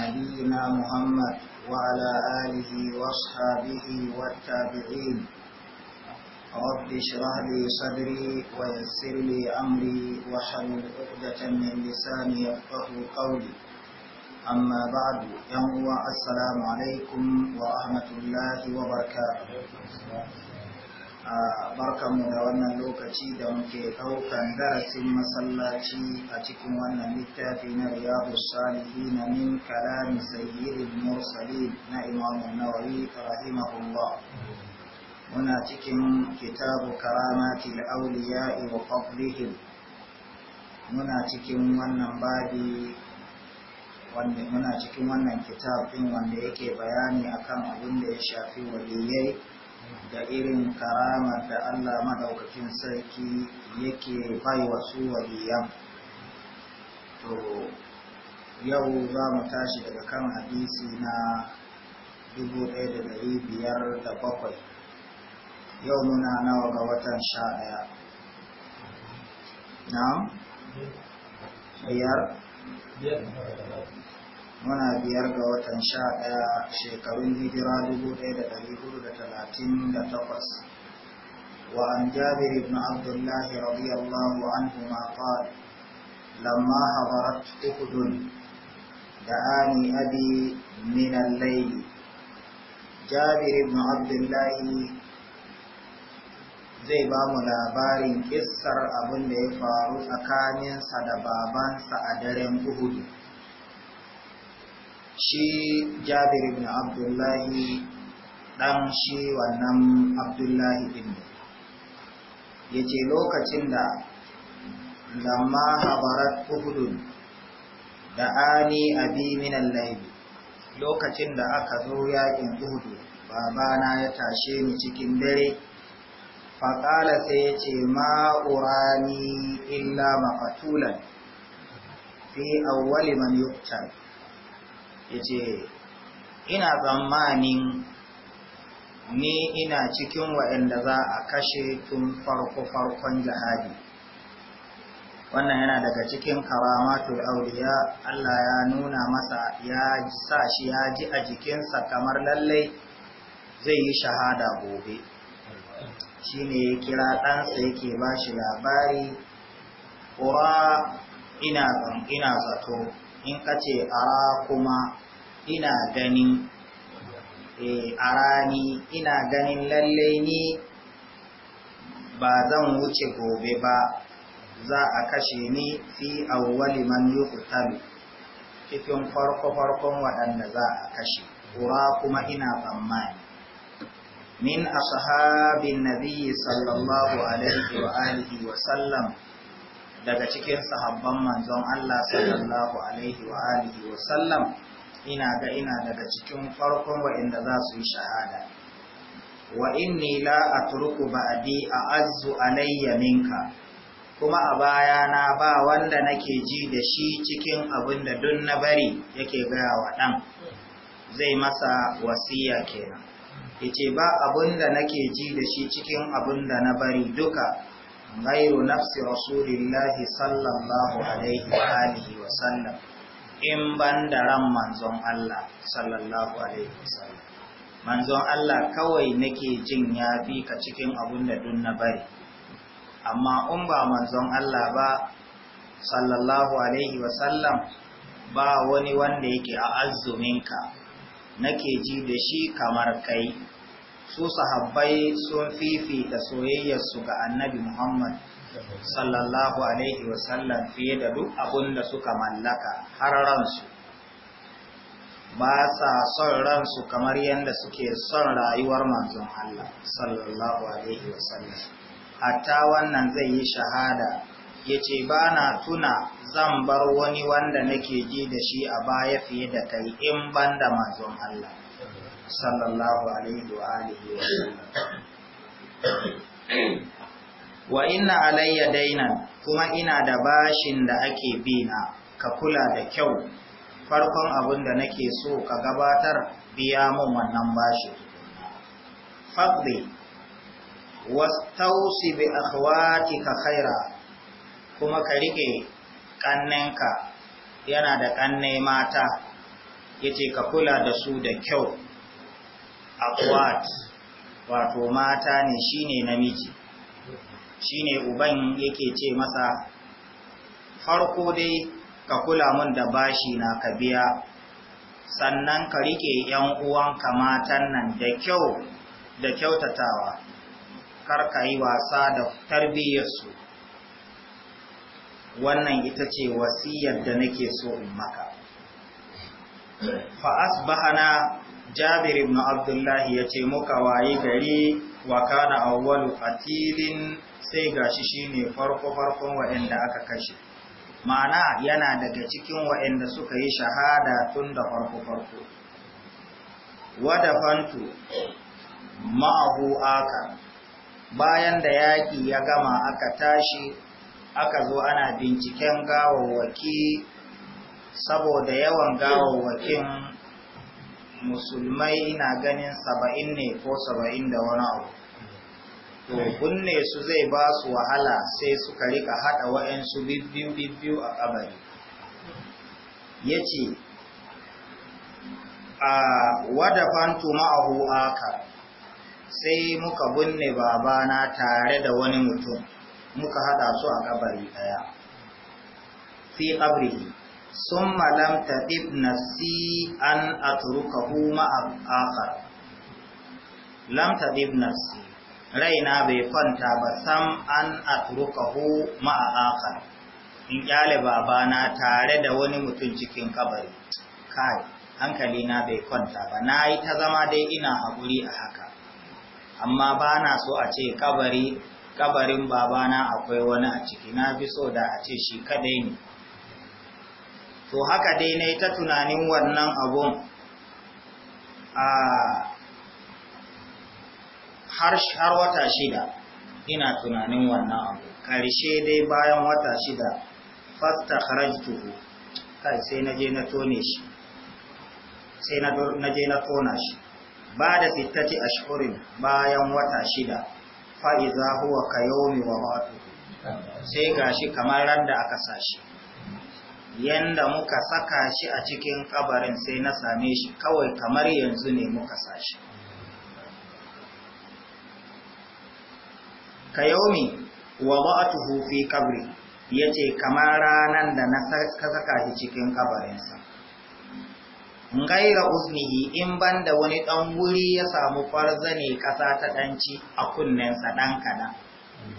نبينا محمد وعلى آله واصحابه والتابعين رب اشرح لي صدري ويسر لي أمري واحلل عقدة من لساني يفقه قولي أما بعد يوم السلام عليكم ورحمة الله وبركاته a barkanmu da wannan lokaci da muke ɗaukan darasin masallaci a cikin wannan littafi na riyadu salihi na min kalami sayyidin mursalin na imamun nawawi rahimahullah muna cikin kitabu karamati auliya wa fadlihim muna cikin wannan babi muna cikin wannan kitabin wanda yake bayani akan abin da ya shafi waliyai da irin karamar da Allah madaukakin sarki yake baiwa su waliyan to yau za mu tashi daga kan hadisi na 1507 yau muna nawa ga watan sha ɗaya na biyar muna biyar ga watan sha ɗaya shekarun hijira dubu ɗaya da ɗari hudu da talatin da takwas wa an jabir ibn abdullah radiyallahu anhu ma qala lamma hadarat uhudun da'ani abi min al-layl jabir ibn abdullah zai ba mu labarin kissar abin da ya faru tsakaninsa da babansa a daren uhudu shi jabir ibn abdullahi dan shi wannan abdullahi din ya ce lokacin da lamma habarat uhudun da ani abi minan laibi lokacin da aka zo yakin uhudu babana ya tashe ni cikin dare faƙala sai ya ce ma'urani illa mafatulan fi awwali man yuktar ya ina tsammanin ni ina cikin waɗanda za a kashe tun farko-farkon jihadi wannan yana daga cikin karamatul auliya Allah ya nuna masa ya sa shi ya ji a jikinsa kamar lallai zai yi shahada gobe shi ne ya kira ɗansa yake ba shi labari ƙura ina zato in ka ce ara kuma ina ganin e, eh, arani ina ganin lalle ni ba zan wuce gobe ba za a kashe ni fi awwali man yuqtalu cikin farko farkon waɗanda za a kashe ura kuma ina tsammani min ashabin nabiyyi sallallahu alaihi wa alihi wa sallam daga cikin sahabban manzon Allah sallallahu alaihi wa alihi wa sallam ina ga ina daga cikin farkon wa'inda za su yi shahada wa inni la atruku ba'di a'azzu alayya minka kuma a baya na ba wanda nake ji da shi cikin abin da dun na bari yake gaya wa dan zai masa wasiya kenan yace ba abin da nake ji da shi cikin abin da na bari duka غير نفس رسول الله صلى الله عليه وآله وسلم in ban da ran manzon Allah sallallahu alaihi وسلم manzon Allah kawai nake jin ya fi ka cikin abun da dun na bari amma in ba manzon Allah ba sallallahu alaihi wasallam ba wani wanda yake a azuminka nake ji da shi kamar kai su sahabbai sun fifita soyayyarsu ga annabi Muhammad sallallahu Alaihi wasallam fiye da duk abun da suka mallaka har ransu. Ba sa son ransu kamar yadda suke son rayuwar manzon Allah sallallahu Alaihi wasallam. Hatta wannan zai yi shahada ya ce ba na tuna zan bar wani wanda nake ji da shi a baya fiye da kai in banda manzon Allah. sallallahu alaihi wa wa sallam wa inna alayya dainan kuma ina da bashin da ake bina ka kula da kyau farkon abin da nake so ka gabatar biya mun wannan bashi faqdi wastausi wati ka kaira kuma ka rike kannenka yana da ƙanne mata yace ka kula da su da kyau akwat wato mata ne shine namiji shine uban yake ce masa farko dai ka kula mun da bashi na ka biya sannan ka rike yan uwanka matan nan da kyau da kyautatawa kar ka yi wasa da tarbiyyarsu wannan ita ce wasiyar da nake so in maka fa asbahana jabir ibn abdullahi ya ce muka waye gari wa kana awwalu qatilin sai gashi shine farko farkon waɗanda aka kashe ma'ana yana daga cikin waɗanda suka yi shahada tun da farko farko fantu ma'ahu aka bayan da yaƙi ya gama aka tashi aka zo ana binciken gawawwaki saboda yawan gawawwakin musulmai na ganin saba'in ne ko saba'in da wani abu to kunne su zai ba su wahala sai suka rika haɗa wa'yansu bibbiyu bibbiyu a kabari ya ce a wada fantu ma'ahu aka sai muka binne babana tare da wani mutum muka haɗa su a kabari ɗaya fi ƙabrihi sun malam taɗib si an atrukahu ma'a akhar lam taɗib nafsi raina bai kwanta ba sam an atrukahu ma'a akhar in ƙyale babana tare da wani mutum cikin kabari kai hankali na bai kwanta ba na yi ta zama dai ina haƙuri a haka amma ba na so a ce kabari kabarin babana akwai wani a ciki na fi so da a ce shi kaɗai ne to haka dai na ta tunanin wannan abun a har wata shida ina tunanin wannan abu karshe dai bayan wata shida fasta harajtuhu kai sai na je na tone shi sai na je na tona shi ba da fitati ashhurin bayan wata shida fa'iza huwa kayomi wa wa'atu sai gashi kamar randa aka sashi yanda muka saka shi a cikin kabarin sai na same shi kawai kamar yanzu ne muka sashi kayomi wa ba'atuhu fi kabri yace kamar ranan da na saka shi cikin ƙabarinsa. ngaira uznihi in banda wani dan wuri ya samu farzane kasa ta danci a kunnen kunnensa dan kana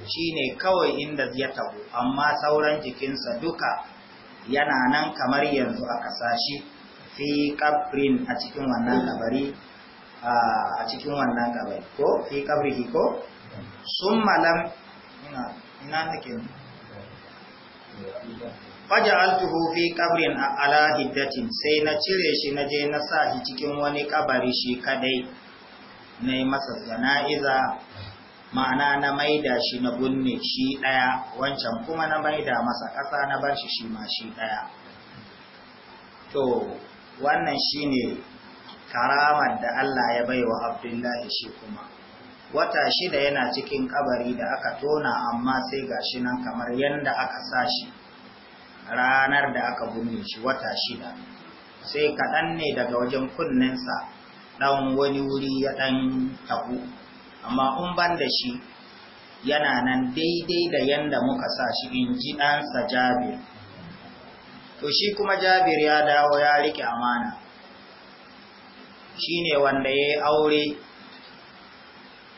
shine kawai inda ya tabo amma sauran jikinsa duka yana nan kamar yanzu a kasashe fi kabrin a cikin wannan kabari a cikin wannan kabari ko fi kabrihi ko sun malam ina ina take altuhu fi kabrin a hiddatin sai na cire shi na je na sa shi cikin wani kabari shi kadai na yi masa jana'iza ma'ana na maida shi na gunne shi ɗaya wancan kuma na maida masa ƙasa na bar shi shi ma shi ɗaya to wannan shi ne karamar da Allah ya baiwa abdullahi shi kuma wata shida yana cikin kabari da aka tona amma sai gashi nan kamar yadda aka sa shi ranar da aka bunne shi wata shida sai kaɗan ne daga wajen kunnensa ɗan wani wuri ya ɗan tabu amma in ban da shi yana nan daidai da yanda muka sa shi in ji ɗansa jabir to shi kuma jabir ya dawo ya riƙe amana shi ne wanda ya yi aure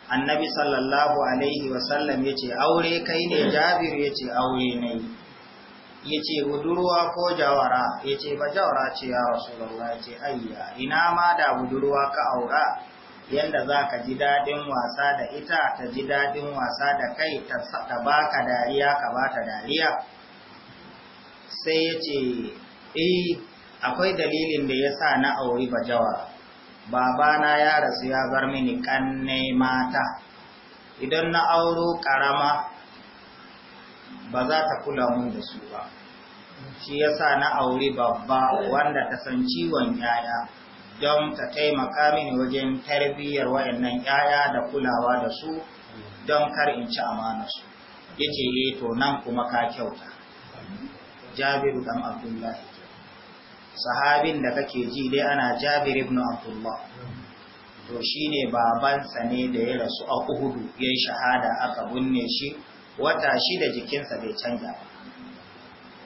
annabi sallallahu alaihi wasallam ya ce aure kai ne jabir ya ce aure ne ya ce budurwa ko jawara ya ce ba jawara ce ya rasulallah ya ce ayya ina ma da budurwa ka aura yadda za ka ji daɗin wasa da ita ta ji daɗin wasa da kai ta ba ka dariya ka ba ta dariya sai ya ce eh akwai dalilin da ya sa na auri bajawa babana ya rasu ya bar mini ƙanne mata idan na auro ƙarama ba za ta kula mun da su ba shi ya sa na auri babba wanda ta san ciwon yaya don ta taimaka mini wajen tarbiyyar wayannan ‘ya'ya da kulawa da su don kar in ci amana su. Ya eh to nan kuma ka kyauta. Jabiru ɗan Abdullahi. Sahabin da kake ji dai ana Jabir ibn Abdullah. To shi ne babansa ne da ya rasu a Uhudu ya shahada aka bunne shi wata shi da jikinsa bai canja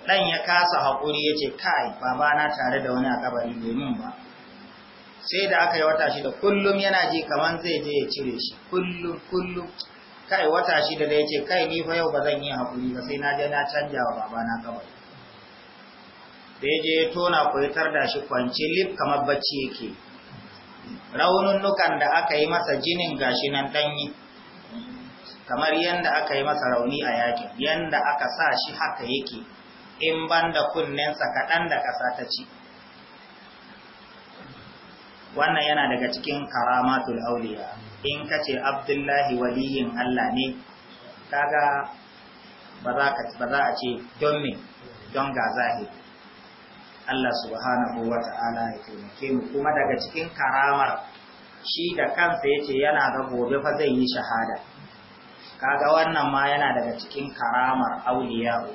Dan ya kasa hakuri yace Kai, babana tare da wani a kabari bai ba. sai da aka yi wata shida kullum yana ji kamar zai je ya cire shi kullum kullum kai wata shida da ya kai ni fa yau ba zan yi hakuri ba sai na je na canja wa babana kabari da ya je ya tona kwaitar da shi kwanci lif kamar bacci yake raununnukan da aka yi masa jinin gashi nan danyi kamar yadda aka yi masa rauni a yakin yanda aka sa shi haka yake in banda da kunnensa kaɗan da ƙasa ta ci wannan yana daga cikin karamatul auliya in kace abdullahi waliyin Allah ne kaga ba za a ce don me don ga zahiri Allah subhanahu wa ta'ala ya taimake mu kuma daga cikin karamar shi da kansa yace yana ga gobe fa zai yi shahada kaga wannan ma yana daga cikin karamar auliya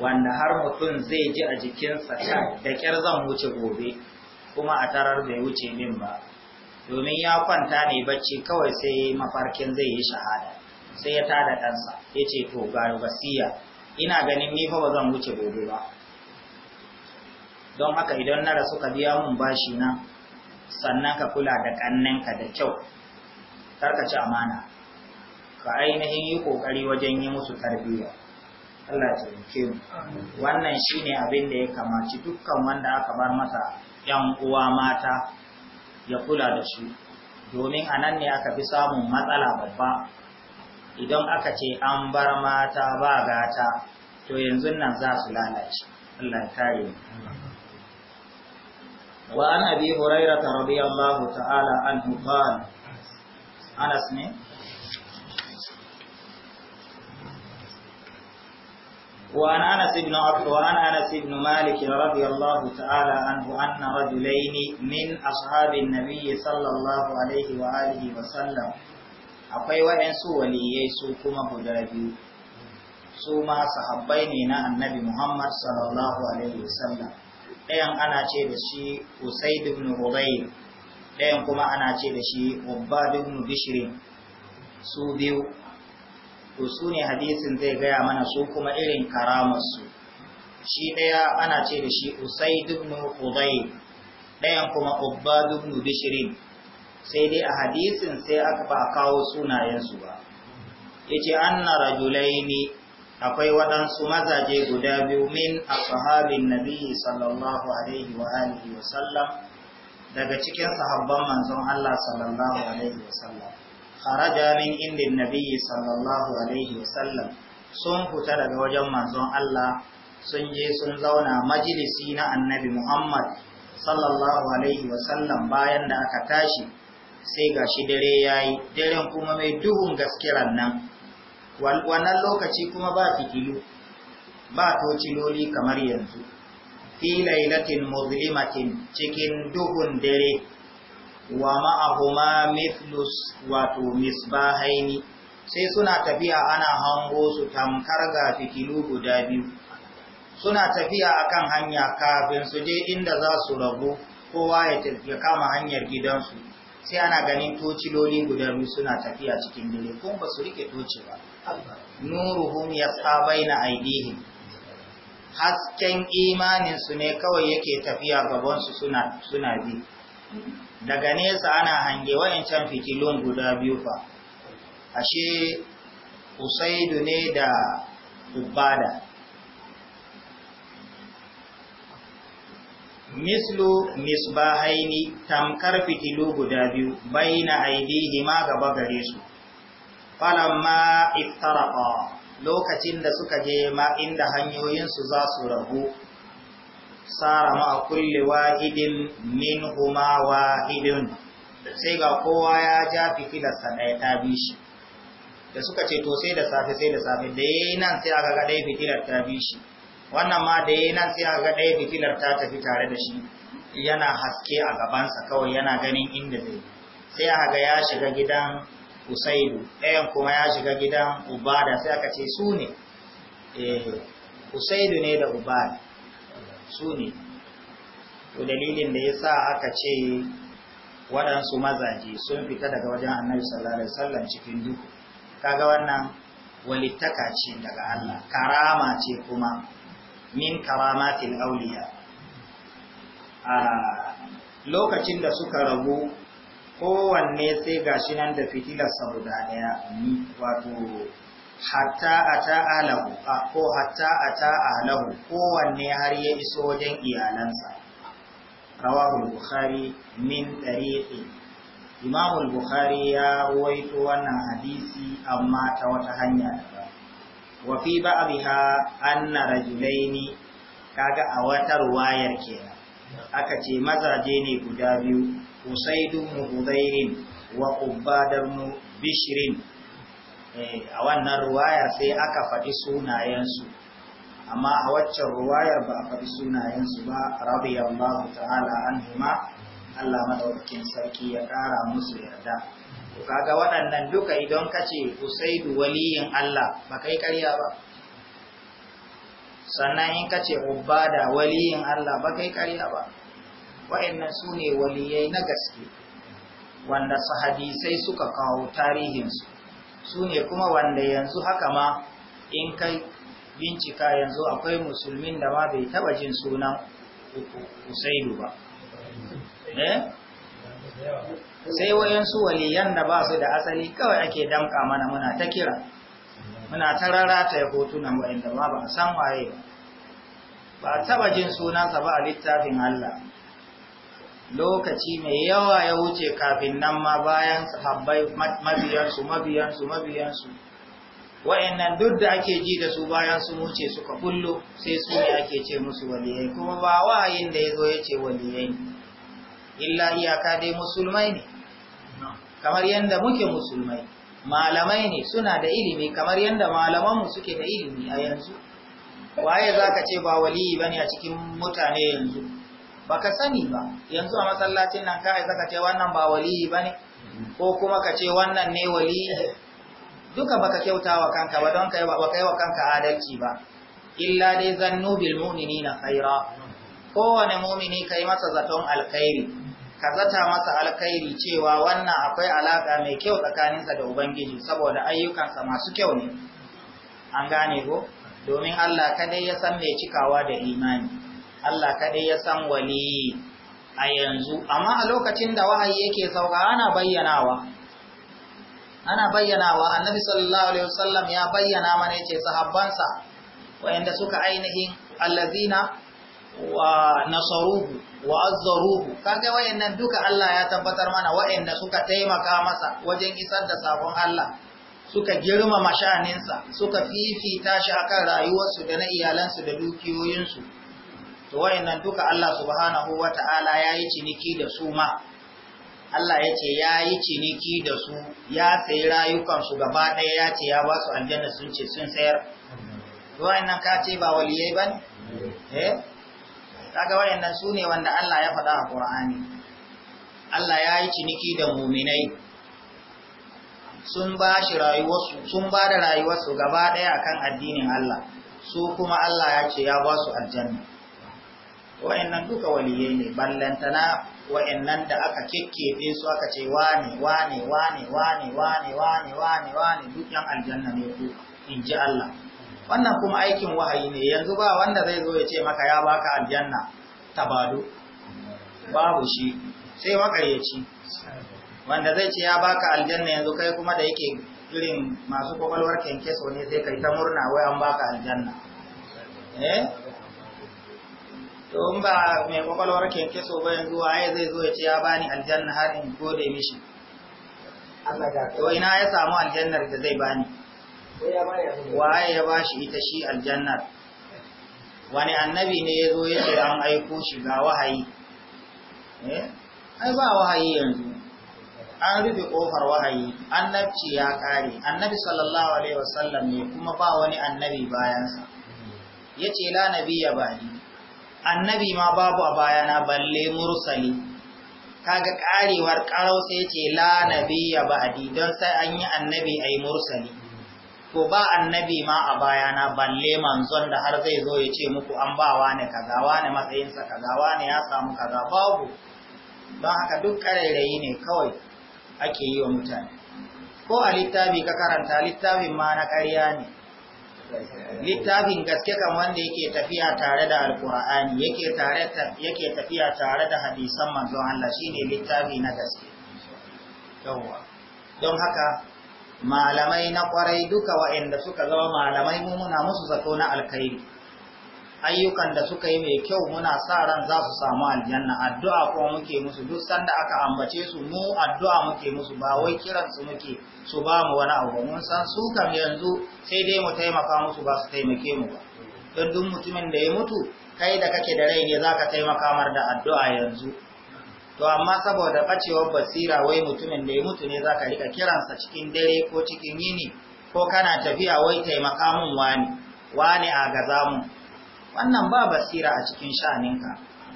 wanda har mutum zai ji a jikinsa da kyar zan wuce gobe kuma a tarar bai wuce min ba domin ya kwanta ne bacci kawai sai mafarkin zai yi shahada sai ya tada kansa ya ce to ga wasiya ina ganin ni fa ba zan wuce gobe ba don haka idan na rasu ka biya mun bashi na sannan ka kula da kannenka da kyau karka ci amana ka ainihin yi kokari wajen yi musu tarbiyya Allah ya taimake mu wannan shine abin da ya kamaci dukkan wanda aka bar masa ‘yan uwa mata ya kula da su, domin a nan ne aka fi samun matsala babba. Idan aka ce an bar mata ba gata, to yanzu nan za su lalace. Allah kare mu. وعن أبي هريرة رضي الله تعالى عنه قال ne. وعن أنس بن وعن أنس بن مالك رضي الله تعالى عنه ان رجلين من اصحاب النبي صلى الله عليه واله وسلم akwai waɗansu waliyai su kuma guda biyu su ma sahabbai ne na annabi Muhammad sallallahu alaihi wasallam ɗayan ana ce da shi Usaid ibn Hudayr ɗayan kuma ana ce da shi Ubbad ibn Bishr su biyu to su ne hadisin zai gaya mana su kuma irin karamarsu shi ɗaya ana ce da shi usai dubnu udai ɗayan kuma ubba dubnu bishirin sai dai a hadisin sai aka ba a kawo sunayensu ba ya ce an na rajulaini akwai waɗansu mazaje guda biyu min a sahabin nabi sallallahu alaihi wa alihi wa sallam daga cikin sahabban manzon Allah sallallahu alaihi wa sallam kharaja min indin nabiyyi sallallahu alaihi wasallam sun fita daga wajen manzon Allah sun je sun zauna majalisi na annabi Muhammad sallallahu alaihi wasallam bayan da aka tashi sai gashi dare yayi daren kuma mai duhun gaskiran nan wannan lokaci kuma ba fitilu ba tociloli kamar yanzu fi lailatin muzlimatin cikin duhun dare wa ma'ahuma mithlus wato misbahaini sai suna tafiya ana hango su tamkar ga fitilu guda biyu suna tafiya akan hanya kafin su je inda za su rabu kowa ya kama hanyar gidansu sai ana ganin tociloli guda biyu suna tafiya cikin dare kuma ba su rike toci ba nuruhum yashabaina aidihim hasken imaninsu ne kawai yake tafiya gabansu suna suna bi daga nesa ana hange wa'incan fitilun guda biyu fa ashe usaidu ne da ubada mislu misbahaini tamkar fitilu guda biyu baina aidihi ma gaba gare su falamma iftaraqa lokacin da suka je ma inda hanyoyinsu za su rabu sara ma كل واحد min واحد sai ga kowa ya ja fitilarsa ɗaya ta bi shi da suka ce to sai da safe sai da safe da yayi nan sai aka ga ɗaya fitilar ta bi shi wannan ma da yayi nan sai aka ga ɗaya fitilar ta tafi tare da shi yana haske a gabansa kawai yana ganin inda zai sai aka ga ya shiga gidan Usaidu ɗayan kuma ya shiga gidan Ubada sai aka ce su ne eh Usaidu ne da Ubada su ne to dalilin da ya sa aka ce waɗansu mazaje sun fita daga wajen annabi sallallahu alaihi wasallam cikin duhu kaga wannan walittaka ce daga Allah karama ce kuma min karamatil auliya a lokacin da suka rabu kowanne sai gashi nan da fitilarsa da daya wato hatta ata ahlahu ah, ko hatta ata alahu, kowanne har ya iso wajen iyalansa rawahu bukhari min tariqi imam bukhari ya waito wannan hadisi amma ta wata hanya daban wa fi ba'dha anna rajulaini kaga a wata ruwayar kenan aka ce mazaje ne guda biyu usaid ibn hudayr wa ubad bishirin Eh, a wannan ruwaya sai aka faɗi sunayensu amma a waccan ruwayar ba a faɗi sunayensu ba radiyallahu ta'ala anhuma Allah madaukakin sarki ya ƙara musu yarda to kaga waɗannan duka idan kace Usaidu waliyin Allah ba kai ƙarya ba sannan in kace Ubada waliyin Allah ba kai ƙarya ba wa'annan sune waliyai na gaske wanda sahadisai suka kawo tarihinsu su ne kuma wanda yanzu haka ma in kai bincika yanzu akwai musulmin da ma bai taba jin sunan usaidu ba eh? sai wayansu waliyan da ba su da asali kawai ake damka mana muna ta kira muna ta rarata ya hotunan wayanda ma ba a san waye ba ba taba jin sunansa ba a littafin Allah lokaci mai yawa ya wuce kafin nan ma bayan sahabbai mabiyansu mabiyansu mabiyansu wa'annan duk da ake ji da su bayan sun wuce suka kullu sai su ne ake ce musu waliyai kuma ba wa'ayin da ya zo ya ce waliyai illa iyaka dai musulmai ne kamar yadda muke musulmai malamai ne suna da ilimi kamar yadda malamanmu suke da ilimi a yanzu waye zaka ce ba waliyi bane a cikin mutane yanzu baka sani ba yanzu a masallacin nan kai saka ce wannan ba waliyi bane ko kuma ka ce wannan ne waliyi duka baka kyauta wa kanka ba don kai ba kai wa kanka adalci ba illa dai zannu bil mu'minina khaira kowane mu'mini kai masa zaton alkhairi ka zata masa alkhairi cewa wannan akwai alaka mai kyau tsakaninsa da ubangiji saboda ayyukansa masu kyau ne an gane ko domin Allah kadai ya san mai cikawa da imani Allah kaɗai ya san wani a yanzu amma a lokacin da wahayi yake sauka ana bayyanawa ana bayyanawa annabi sallallahu alaihi wasallam ya bayyana mana yace sahabbansa wa'inda suka ainihin allazina wa nasaruhu wa azzaruhu kaga wayannan duka Allah ya tabbatar mana wayanda suka taimaka masa wajen isar da sabon Allah suka girmama sha'aninsa suka fifita shi akan rayuwarsu da na iyalansu da dukiyoyinsu to wayannan duka Allah subhanahu wata'ala yayi ciniki da su ma Allah ya ce ya yi ciniki da su ya sayi su gaba daya ya ce ya ba su aljanna sun ce sun sayar To wayannan ka ce ba waliyai ba eh kaga wayannan su ne wanda Allah ya faɗa a Qur'ani Allah ya yi ciniki da muminai sun ba shi rayuwarsu sun ba da rayuwarsu gaba daya akan addinin Allah su kuma Allah ya ce ya ba su aljanna wa'annan duka waliye ne ballantana wa'annan da aka kekkebe su aka ce wane wane wane wane wane wane wane wane duk aljanna ne ku in ji Allah wannan kuma aikin wahayi ne yanzu ba wanda zai zo ya ce maka ya baka aljanna tabadu babu shi sai ci. wanda zai ce ya baka aljanna yanzu kai kuma da yake irin masu kwakwalwar kyankyaso ne sai kai ta murna wai an baka aljanna eh to in ba mai kwakwalwar keke so ba yanzu waye zai zo ya ce ya bani aljanna har in gode mishi to ina ya samu aljannar da zai bani waye ya bashi ita shi aljannar wani annabi ne ya zo ya ce an aiko shi ga wahayi eh? ai ba wahayi yanzu an rufe kofar wahayi annabci ya kare annabi sallallahu alaihi wasallam ne kuma ba wani annabi bayansa yace la nabiyya bani annabi ma babu a bayana balle mursali kaga karewar karau sai ce la nabiyya ba'di don sai an yi annabi ai mursali Ko ba annabi ma a bayana balle manzon da har zai zo ya ce muku an ba wani kaza wani matsayinsa kaza wani ya samu kaza babu don haka duk karairayi ne kawai ake yi wa mutane ko a littafi ka karanta littafin ma na ƙarya ne littafin gaske kan wanda yake tafiya tare da alkur'ani yake tare yake tafiya tare da hadisan manzon Allah shine littafi na gaske yawa don haka malamai na kwarai duka wa'anda suka zama malamai mu muna musu zato na alkhairi ayyukan da suka yi mai kyau muna sa ran za su samu aljanna addu'a ko muke musu duk sanda aka ambace su mu addu'a muke musu ba wai kiran su muke su ba mu wani abu mun san su kam yanzu sai dai mu taimaka musu ba su taimake mu ba don duk mutumin da ya mutu kai da kake da rai ne zaka taimaka mar da addu'a yanzu to amma saboda bacewar basira wai mutumin da ya mutu ne za ka rika kiransa cikin dare ko cikin yini ko kana tafiya wai taimaka mun wani wani a gaza mu wannan ba basira a cikin sha'aninka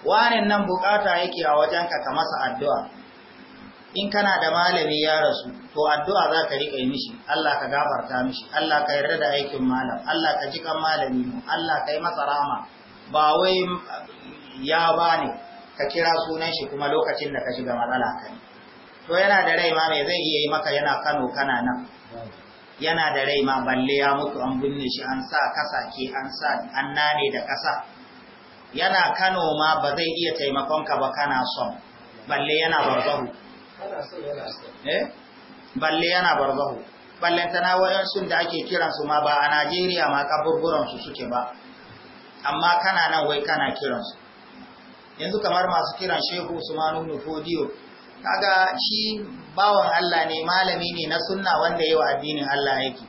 wanen nan bukata yake a wajenka ka masa addu'a in kana da malami ya rasu to addu'a za ka riƙa mishi Allah ka gafarta mishi Allah ka yarda da aikin malam Allah ka jikan malami mu Allah kai yi masa rama ba wai ya bani ka kira sunan shi kuma lokacin da ka shiga matsala kai to yana da rai ma mai zai iya yi maka yana Kano kana nan yana da rai ma balle ya mutu an binne shi an sa ke, an sa an nane da kasa yana Kano ma ba zai iya taimakon ka ba kana son balle yana barzahu eh? balle yana barzahu ballen tana sun da ake kiransu ma ba a Najeriya ma kaburburan su suke ba amma kana nan wai kana kiransu yanzu kamar masu kiran Shehu Usmanu Nufodiyo kaga shi bawan Allah ne malami ne na sunna wanda yayi wa addinin Allah yake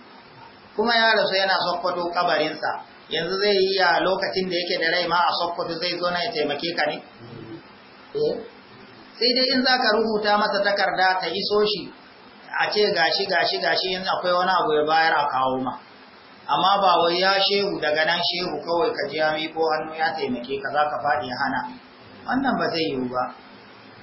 kuma ya rasu yana sokoto kabarinsa yanzu zai yi a lokacin da yake da rai ma a sokoto zai zo na ya taimake ka ne eh. sai dai in zaka rubuta masa takarda ta iso shi a ce gashi gashi gashi in akwai wani abu ya bayar a kawo ma amma ba wai ya shehu daga nan shehu kawai ka ji ya ko hannu ya taimake ka zaka faɗi hana wannan ba zai yiwu ba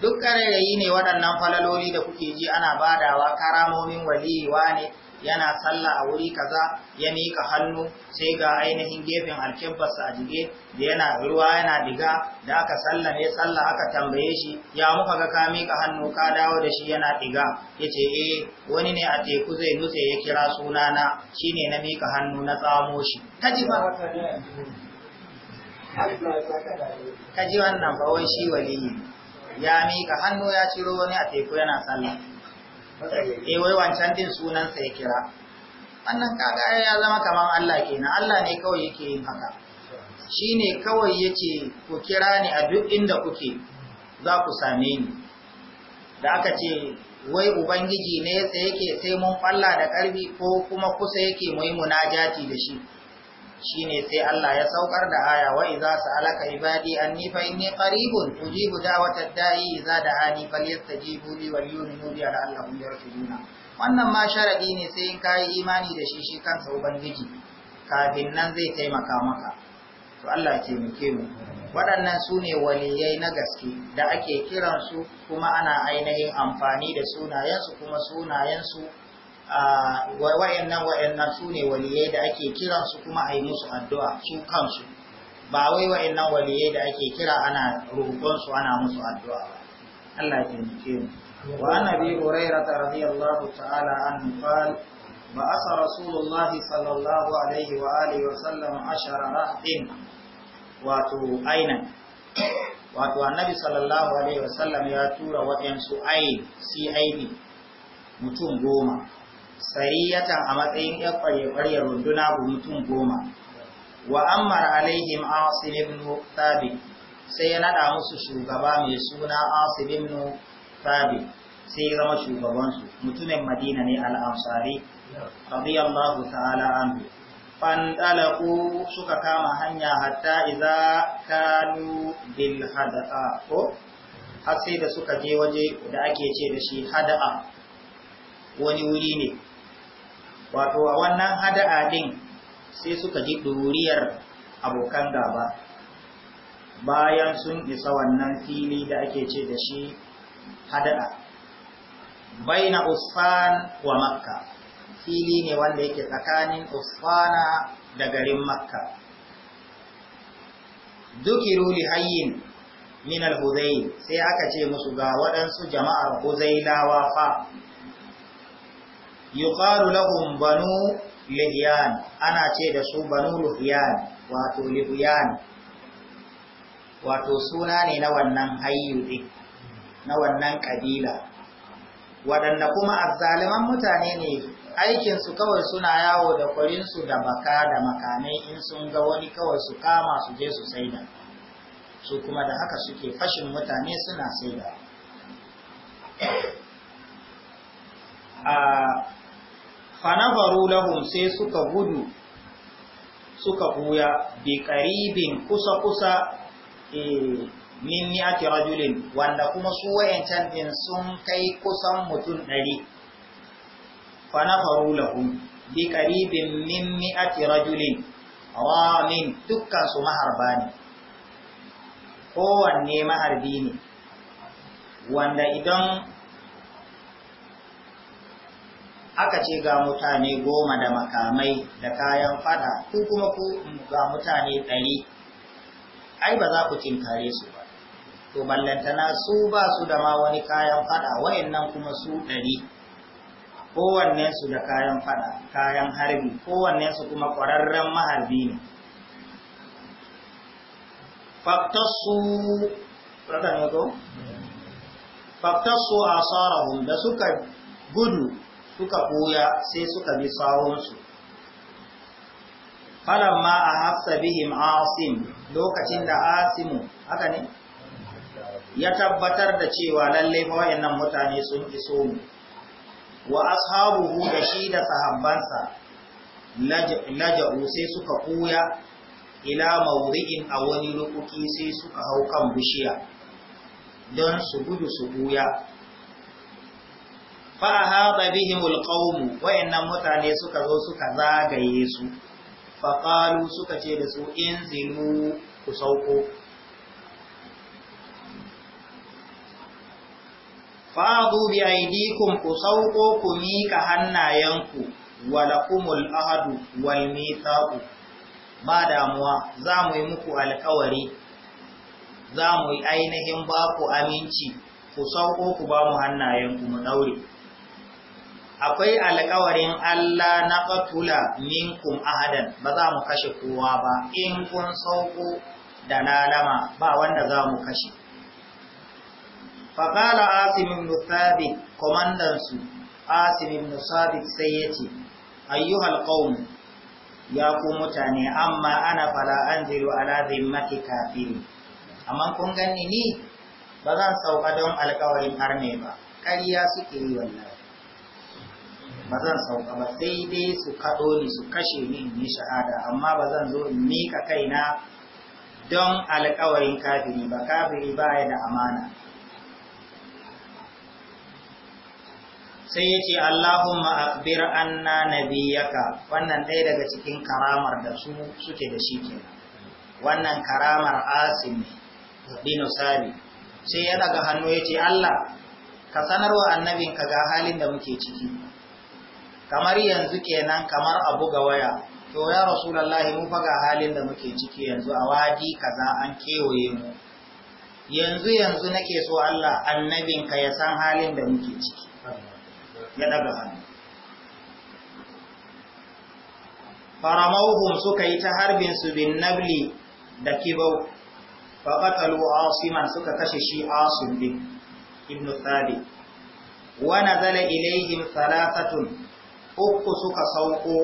duk yi ne waɗannan falaloli da kuke ji ana badawa karamomin waliyi ne yana sallah a wuri kaza ya mika hannu sai ga ainihin gefen alkebbarsa a jige da yana ruwa yana diga da aka sallah ne sallah aka tambaye shi ya muka ga ka mika hannu ka dawo da shi yana diga ya ce eh wani ne a teku zai nutse ya kira sunana Shi ne na miƙa hannu na tsamo shi kaji ba ji wannan ba shi waliyi ya mika hannu ya ciro wani a teku yana sallah E, wai wancan din sunansa ya kira wannan kaga ya zama kamar Allah kenan Allah ne kawai yake yin haka shine kawai yace ku kira ni a duk inda kuke za ku same ni da aka ce wai ubangiji ne yake sai mun falla da karfi ko kuma kusa yake mu yi munajati da shi shine sai Allah ya saukar da aya wa idza sa'alaka ibadi anni fa inni qaribun ujibu da'watad da'i idza da'ani falyastajibu li wal yu'minu bi annahum yarjuna wannan ma sharadi ne sai in kai imani da shi shi kansa ubangiji kafin nan zai taimaka maka to Allah ya taimake mu waɗannan su ne waliyai na gaske da ake kiransu kuma ana ainihin amfani da sunayensu kuma sunayensu Ah, wa'yan nan wa'yan nan su ne waliyai da ake kiran su kuma a yi musu addu'a su kansu ba wai wa'yan nan waliyai da ake kira ana roƙon ana musu addu'a ba Allah ya taimake wa annabi hurairah radiyallahu ta'ala anhu qal ba asa rasulullahi sallallahu alaihi wa alihi wa sallam ashara rahtin wato aina wato annabi sallallahu alaihi wa sallam ya tura wa'yan su ayi si ayi mutum goma sariyatan a matsayin ‘yan ƙwarye-ƙwarye runduna bu mutum goma, wa ammar alaihim Asim ibn Thabit sai ya naɗa musu shugaba mai suna Asim ibn Thabit sai ya zama shugabansu mutumin Madina ne al'amsari, radiyallahu ta'ala anhu. Fandalaku suka kama hanya hatta iza kanu bil hada'a ko? Har da suka je waje da ake ce da shi hada'a wani wuri ne. wato a wannan hada'a din sai suka ji duriyar abokan gaba bayan sun isa wannan fili da ake ce da shi hada'a baina usfan wa makka fili ne wanda yake tsakanin usfana da garin makka dukiru li hayyin min al sai aka ce musu ga waɗansu jama'ar huzailawa fa yuqalu lahum banu lihiyan ana ce da su banu lihiyan wato lihiyan wato suna ne na wannan hayyu na wannan kabila waɗanda kuma azzaliman mutane ne aikinsu kawai suna yawo da kwarinsu da baka da makamai in sun ga wani kawai su kama su je su saida su kuma da haka suke fashin mutane suna saida a ah, fanabaru lahum sai suka gudu suka buya bi karibin kusa-kusa eh, min mi'ati rajulin wanda kuma su wayancan din sun kai kusan mutum ɗari fanabaru lahum bi karibin min mi'ati rajulin ramin dukkan su maharba ne kowanne maharbi ne wanda idan aka ce ga mutane goma da makamai da kayan fada ku kuma ku ga mutane ɗari ai ba za ku tinkare su ba to ballantana su ba su da ma wani kayan fada wayannan kuma su ɗari kowannensu da kayan fada kayan harbi kowannensu kuma ƙwararren maharbi ne faktassu faktassu asarahum da suka gudu suka ɓuya sai suka bi sawunsu. ma a hafsa bihim Asim lokacin da Asimu, haka ne? Ya tabbatar da cewa lallai ba wayannan mutane sun iso mu. Wa ashabuhu da shi da sahabbansa laja'u sai suka ƙuya ila mawri'in a wani rukuki sai suka hau kan bishiya don su gudu su buya fa'ahaba bihimul qaumu wayannan mutane suka zo suka zagaye su faqalu suka ce da su zinu ku sauko fa'adu bi aidikum ku sauko ku mika hannayenku walakumul ahadu wal mithaqu ba damuwa za mu yi muku alkawari za mu yi ainihin ba ku aminci ku sauko ku ba mu hannayenku mu daure akwai alƙawarin Allah na ƙatula minkum ahadan ba za mu kashe kowa ba in kun sauko da lalama ba wanda za mu kashe. Faƙala Asimin Nusabit, komandansu Asimin Musabi sai yace, ce, Ayyuhal ƙaunu, ya ku mutane, amma ana fara an ziro ala zimmati kafiri, amma kun gani ni ba zan sauka don alƙawarin arne ba, ƙarya suke yi wallahi. ba zan sauka ba sai dai su kaɗo ni su kashe ni shahada amma ba zan zo in miƙa kaina don alƙawarin kafiri ba kafiri ba ya da amana sai ya ce Allahumma akbir anna nabiyaka wannan ɗaya daga cikin karamar da su suke da shi ke wannan karamar asim bin sai ya daga hannu ya ce Allah ka sanarwa annabinka ga halin da muke ciki kamar yanzu kenan kamar abu ga waya to ya rasulullahi mu faga halin da muke ciki yanzu a wadi kaza an kewaye mu yanzu yanzu nake so Allah annabinka ya san halin da muke ciki ya daga hannu faramauhum suka yi ta harbin su bin nabli da kibau fa qatalu asiman suka kashe shi asim bin ibn thabit wa nazala ilaihim thalathatun uku suka sauko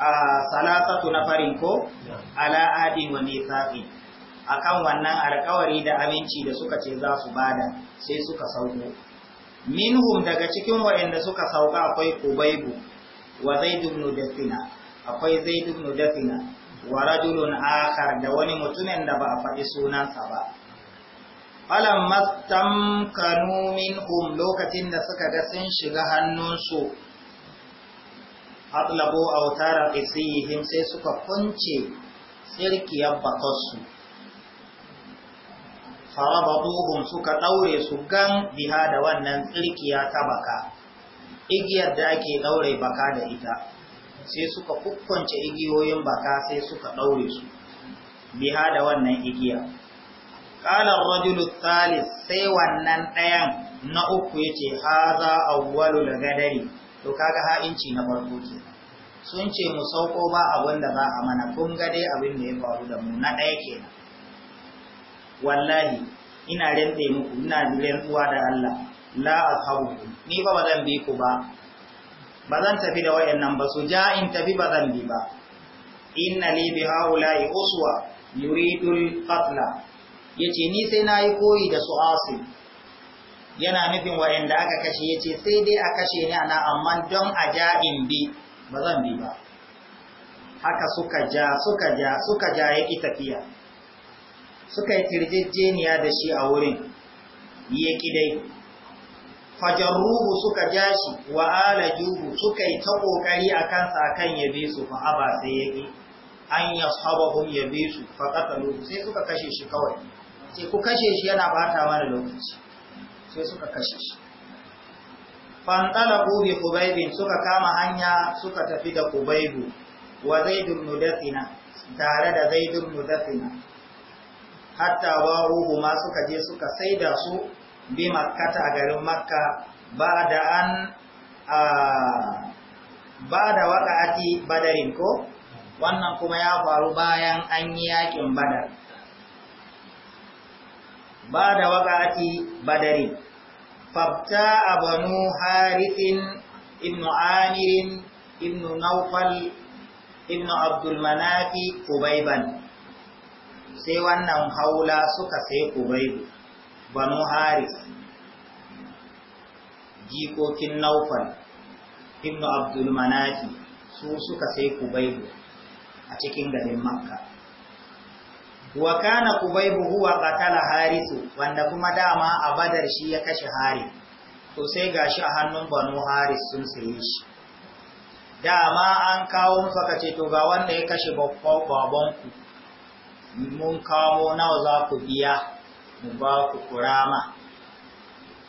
a salatatu na farin ko ala adi wa mitaqi akan wannan alƙawari da aminci da suka ce za su bada sai suka sauko minhum daga cikin waɗanda suka sauka akwai Kubaibu wa Zaid ibn Dathina akwai Zaid ibn Dathina wa rajulun akhar da wani mutumin da ba a faɗi sunansa ba falan min minhum lokacin da suka ga sun shiga hannunsu atlabo autara qisihim sai suka kunce tsirkiyar bakarsu farabaduhum suka daure su gan biha da wannan tsirkiya ta baka igiyar da ake daure baka da ita sai suka kukkunce igiyoyin baka sai suka daure su biha da wannan igiyar. Kala rajulu salis sai wannan ɗayan na uku ya ce haza awwalu da gadari to kaga ha'inci na farko ke sun ce mu sauko ba abin da za a mana kun ga dai abin da ya faru da mu na ɗaya ke wallahi ina rantse muku ina rantsuwa da Allah la ni ba ba zan bi ku ba ba zan tafi da wayannan ba su ja in tafi ba zan bi ba inna li bi haula'i uswa yuridul qatla yace ni sai na yi koyi da su asu yana nufin waɗanda aka kashe yace sai dai a kashe ni ana amma don a ja in bi ba zan bi ba haka suka ja suka ja suka ja ya ƙi tafiya suka yi da shi a wurin ya ƙi dai suka ja shi wa juhu suka yi ta ƙoƙari a kansa akan ya bi su fa aba sai ya ƙi an yashabahum ya bi su fa qataluhu sai suka kashe shi kawai sai ku kashe shi yana bata mana lokaci sai suka kashe shi fantala bi kubaybin suka kama hanya suka tafi da kubaibu wa zaidun nudathina tare da zaidun nudathina hatta ubu ma suka je suka saida su bi makkata garin makka ba da an ba da waƙa'ati badarin ko wannan kuma ya faru bayan an yi yakin badar ba da waƙati badari fabta a banu harifin ibn amirin ibn naufal ibn abdulmanafi kubaiban sai wannan haula suka sai kubaibu banu haris jikokin naufal ibn abdulmanafi su suka sai kubaibu a cikin garin makka wa kana kubaibu huwa qatala harisu wanda kuma dama a badar shi ya kashe hari to sai gashi a hannun banu haris sun sayi shi dama an kawo musu aka to ga wanda ya kashe babban ku mun kawo nawa za ku biya mu ba ku kurama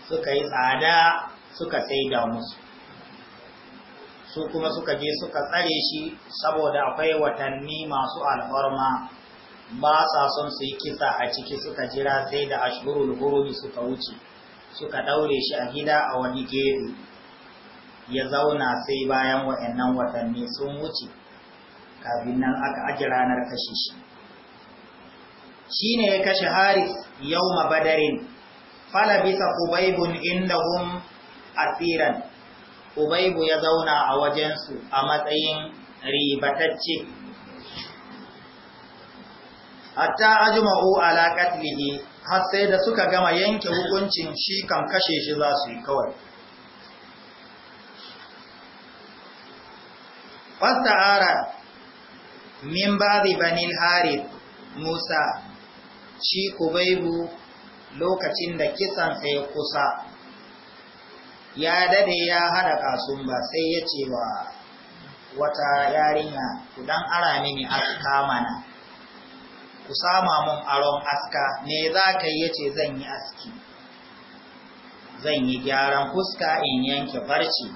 suka yi tsada suka saida musu su kuma suka je suka tsare shi saboda akwai watanni masu alfarma ba sa son su yi kisa a ciki suka jira sai da ashhurul hurumi suka wuce suka daure shi a gida a wani gefe ya zauna sai bayan wa'annan watanni sun wuce kafin nan aka aji ranar kashe shi ne ya kashe haris yau badarin fala bisa inda indahum asiran Ubaibu ya zauna a wajensu a matsayin ribatacce hatta ajma'u ala qatlihi har sai da suka gama yanke hukuncin shi kan kashe shi za su yi kawai fasta'ara min babi bani harith musa shi kubaibu lokacin da kisan sai kusa ya dade ya hada kasun ba sai ya ce wa wata yarinya ku dan ara mini kama na. ku sama mun aron aska me za ka yi yace zan yi aski zan yi gyaran fuska in yanke barci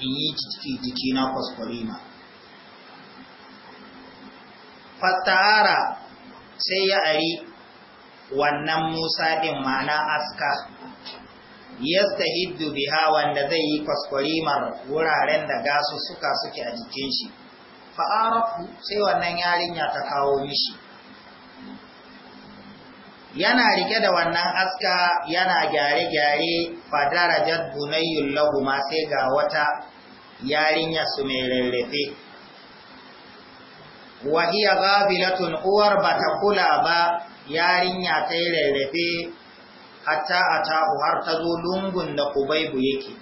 in yi jiki jiki na kwaskwarina fatahara sai ya ari wannan musa din ma'ana aska hiddu biha wanda zai yi kwaskwarimar wuraren da gasu suka suke a jikin shi fa'arafu sai wannan yarinya ta kawo mishi yana rike da wannan aska yana gyare-gyare fadarajat bunayyun ma sai ga wata yarinya su mai rarrafe wahiya gabilatun uwar bata kula ba yarinya ta yi rarrafe hatta a har ta zo lungun da kubaibu yake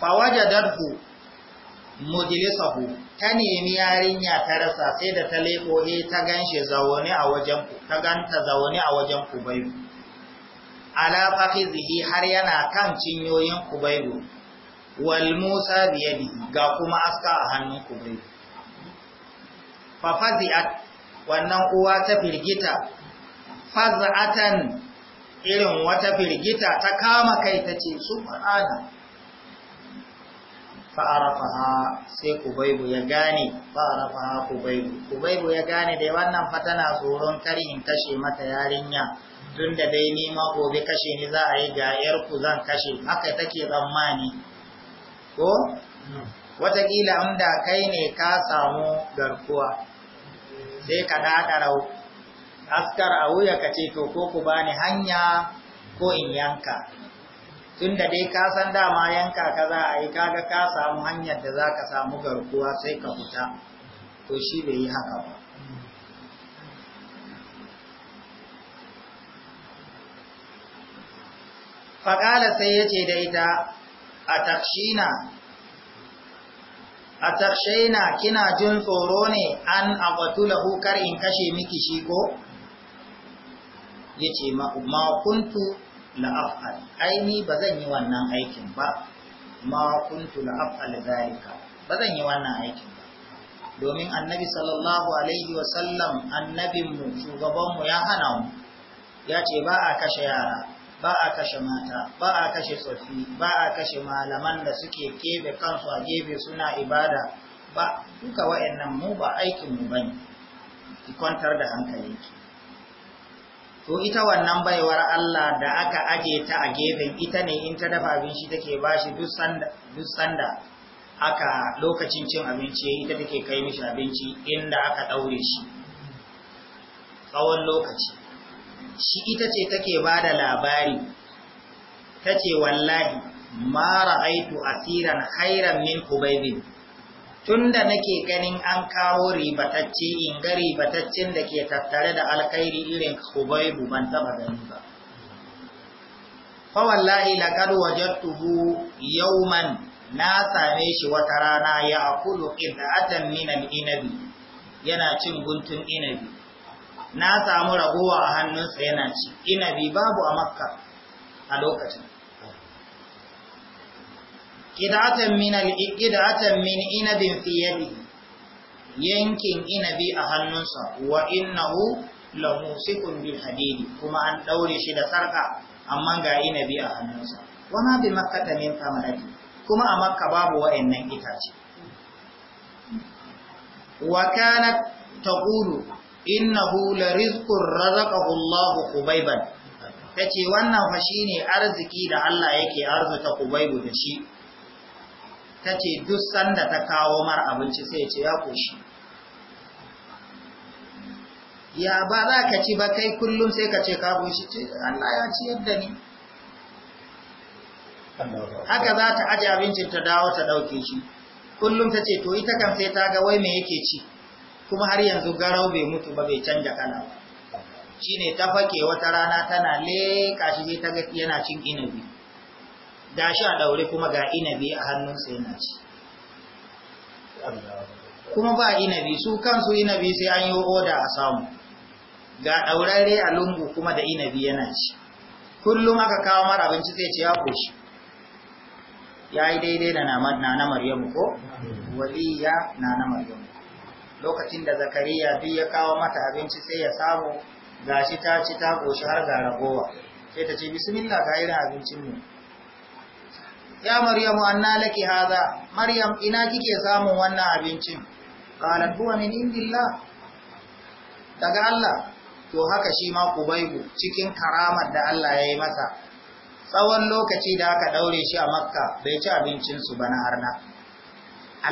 fawajadarhu mujlisahu ta nemi yarinya ta rasa sai da ta leko he eh, ta ganshe a wajen ku ta ganta zaune a wajen ku bayu ala fakhizihi har yana kan cinyoyin ku bayu wal musa biyadihi ga kuma aska a hannun ku bayu fa wannan uwa ta firgita faz'atan irin wata firgita ta kama kai ta ce fa'arafaha sai kubaibu ya gane fa'arafaha kubaibu kubaibu ya gane dai wannan fatana tsoron karin kashe mata yarinya tun da dai nima gobe kashe ni za a yi ga yar ku zan kashe haka take tsammani ko watakila inda kai ne ka samu garkuwa sai ka dadarau askar a wuya ka ce to ko ku bani hanya ko in yanka tunda dai ka san dama yanka ka za a yi kaga ka samu hanyar da za ka samu garkuwa sai ka fita to shi bai yi haka ba faƙala sai ya ce da ita a tafshina a kina jin tsoro ne an abatulahu kar in kashe miki shi ko ya ce ma kuntu la'afal aini ba zan yi wannan aikin ba ma kuntu la'afal zalika ba zan yi wannan aikin ba domin annabi sallallahu alaihi wa sallam, annabinmu shugabanmu ya hana mu ya ce ba a kashe yara ba a kashe mata ba a kashe tsoffi ba a kashe malaman da suke kebe kansu a gebe suna ibada ba duka wa'annan mu ba aikinmu ba ne ki kwantar da hankalinki to ita wannan baiwar Allah da aka aje ta a gefen ita ne in ta dafa abinci take bashi duk sanda duk sanda aka lokacin cin abinci ita take kai mishi abinci inda aka ɗaure shi tsawon lokaci shi ita ce take ba da labari ta ce wallahi mara aitu asiran hairan min kubaibin tunda nake ganin an kawo ribatacce in ga ribataccen da ke tattare da alkhairi irin kubaibu ban taba gani ba fa wallahi laqad wajadtuhu yawman na same shi wata rana ya akulu qit'atan min al-inabi yana cin guntun inabi na samu ragowa a hannunsa yana ci inabi babu a makka a lokacin qidatan min al-qidatan min inabin fi yadihi yankin inabi a hannunsa wa innahu lamusikun bil hadidi kuma an daure shi da sarka amma ga inabi a hannunsa wama bi makkata min thamarati kuma a makka babu wa'annan itace wa kanat taqulu innahu larizqur razaqahu Allah Kubayban tace wannan fa shine arziki da Allah yake arzuta Kubaybu da shi ta ce duk sanda ta kawo mar abinci sai ce ya koshi ya ba za ka ci ba kai kullum sai ka ce ka koshi ce Allah ya ci yadda ni haka za ta aji abincin ta dawo ta ɗauke shi kullum ta ce to ita kan sai ta ga wai me yake ci kuma har yanzu garau bai mutu ba bai canja kana ba shi ne ta fake wata rana tana leƙa shi ta ga yana cin inabi da shi a ɗaure kuma ga inabi a hannunsa yana ci kuma ba inabi su kansu inabi sai an yi oda a samu ga ɗaurare a lungu kuma da inabi yana ci kullum aka kawo mara abinci sai ce ya koshi ya yi daidai da na maryamu ko waliya na maryamu lokacin da zakariya bi ya kawo mata abinci sai ya samu gashi ta ci ta koshi har ga ragowa sai ta ce bismillah ga irin abincin mu ya maryam anna laki hada maryam ina kike samun wannan abincin qalat huwa min indillah daga Allah to haka shi ma kubaibu cikin karamar da Allah ya yi masa tsawon lokaci da aka daure shi a makka bai ci abincin su bana na harna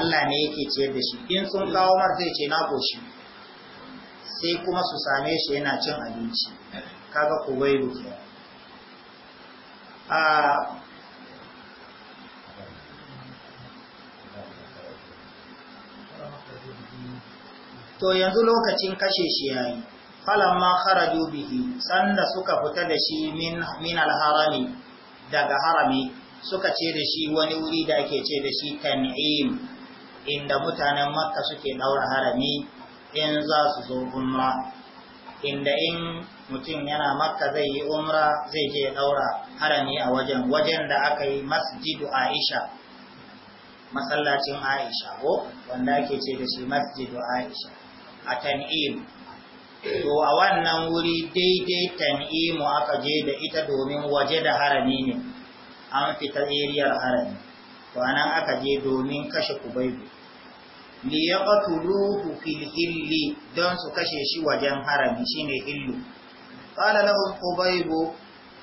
Allah ne yake ciyar da shi in sun kawo mar zai ce na koshi sai kuma su same shi yana cin abinci kaga kubaibu ke a ah, to yanzu lokacin kashe shi yayi falamma kharaju bihi sanda suka fita da shi min min harami daga harami suka ce da shi wani wuri da ake ce da shi tan'im inda mutanen makka suke daura harami in za su zo umra inda in mutum yana makka zai yi umra zai je daura harami a wajen wajen da aka yi masjidu aisha masallacin aisha ko wanda ake ce da shi masjidu aisha a tan'im to a wannan wuri daidai tan'imu aka je da ita domin waje da harami ne an fita eriyar harami to anan aka je domin kashe kubaibu li yaqtuluhu fil illi don su kashe shi wajen harami shine illu. qala lahu kubaibu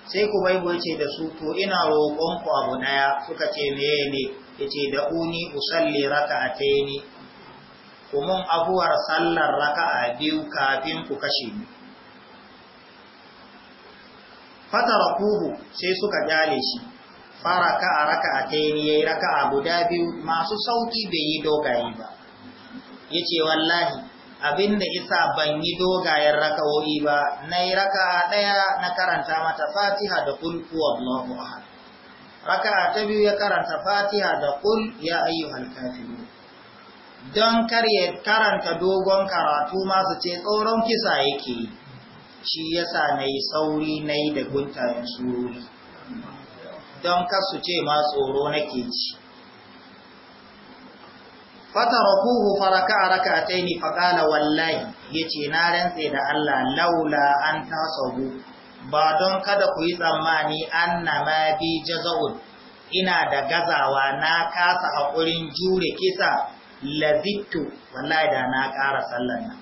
sai kubaibu ce da su to ina roƙon ku abu ɗaya suka ce meye ne yace da uni usalli raka'ataini ku mun afuwar sallar raka'a biyu kafin ku kashe ni fatarakuhu sai suka gyale shi fara ka a raka'a ta yi raka raka'a guda biyu masu sauki bai yi dogayi ba Ya ce wallahi abinda isa ban yi dogayen raka'o'i ba na yi raka'a ɗaya na karanta mata fatiha da kulku huwallahu raka'a ta biyu ya karanta fatiha da kul ya ayyuhal kafirun don karye karanta dogon karatu masu ce tsoron kisa yake yi shi yasa na yi sauri na yi da guntayen sururi don kasu ce ma tsoro nake ci ta faraka rakataini fakala wallahi yace na rantse da Allah laula an tasabu ba don kada ku yi tsammani an annama bi jaza'un ina da gazawa na kasa haƙurin jure kisa lazittu wallahi da na ƙara sallar nan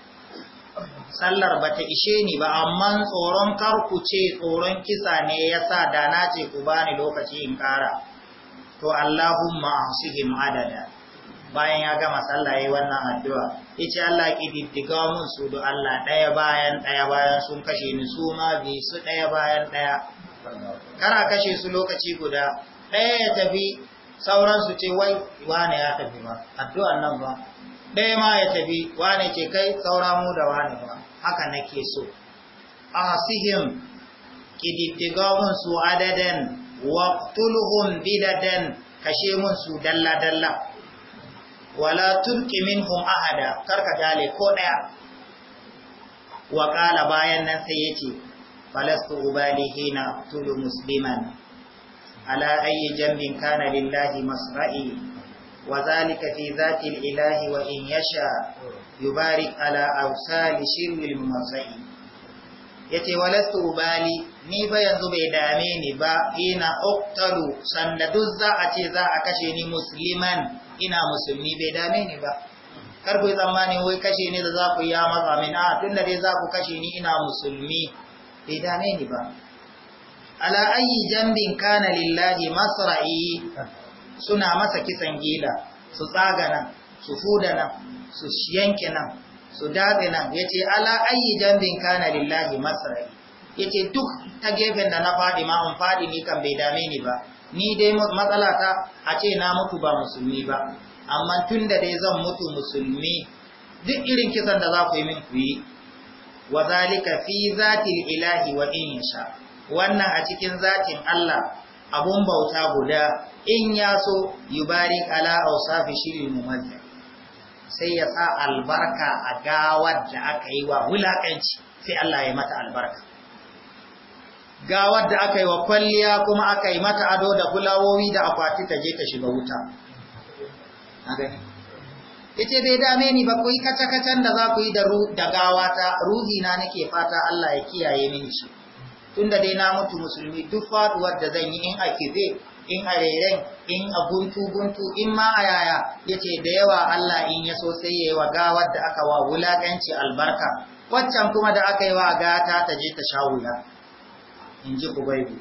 sallar ba ta ishe ni ba amma tsoron karku ce tsoron kisa ne ya sa da na ce ku bani lokaci in ƙara to Allahumma ahsihim adada bayan ya gama sallah yayin wannan addu'a yace Allah ki diddiga mun su da Allah daya bayan daya bayan sun kashe ni su ma bi su daya bayan daya kara kashe su lokaci guda Ɗaya ya tafi Sauransu ce wai wane ya tafi ba addu'an nan ba ɗaya ma ya tafi wane ce kai saura mu da wane ba haka nake so A ahsihim kidittigahun su adadan waqtulhum bidadan kashe mun su dalla dalla wala turki minhum ahada karka dale ko daya wa qala bayan nan sai yace falastu ubalihina tulu musliman ala ayyi jambin kana lillahi masra'i wa zalika fi zati al-ilahi wa in yasha yubarik ala awsali shirwil masai yace walastu ubali ni ba yanzu bai dame ni ba ina uktalu sanda duk za a ce za a kashe ni musliman ina musulmi bai dame ni ba kar ku yi tsammanin wai kashe ni da za ku yi matsa min a tunda dai za ku kashe ni ina musulmi bai dame ni ba ala ayi jambin kana lillahi masra'i suna masa kisan gila su tsaga nan su fuda nan su yanke nan su datse nan yace ala ayi jambin kana lillahi masra'i yace duk ta gefen da na fadi ma an fadi ni kan bai dame ni ba ni dai matsala ta a ce na mutu ba musulmi ba amma tunda dai zan mutu musulmi duk irin kisan da za ku yi min ku yi wa zalika fi zati ilahi wa in wannan a cikin zatin Allah abun bauta guda in ya so yubarik ala ausafi shiril mumazzal sai ya sa albarka a gawar da aka yi wa wulakanci sai Allah ya mata albarka gawar da aka yi wa kwalliya kuma aka yi mata ado da fulawowi da akwati ta je ta shiga wuta yace bai dame ni ba ku yi kaca-kacan da za ku yi da gawata ruhi na nake fata Allah ya kiyaye mini shi tunda dai na mutu musulmi duk faduwar da zan yi in a kife in a reren in a guntu guntu in ma a yaya yace da yawa Allah in ya so sai yayi wa gawar da aka wa wulakanci albarka waccan kuma da aka yi wa gata ta je ta shawuya in ji Kubaibu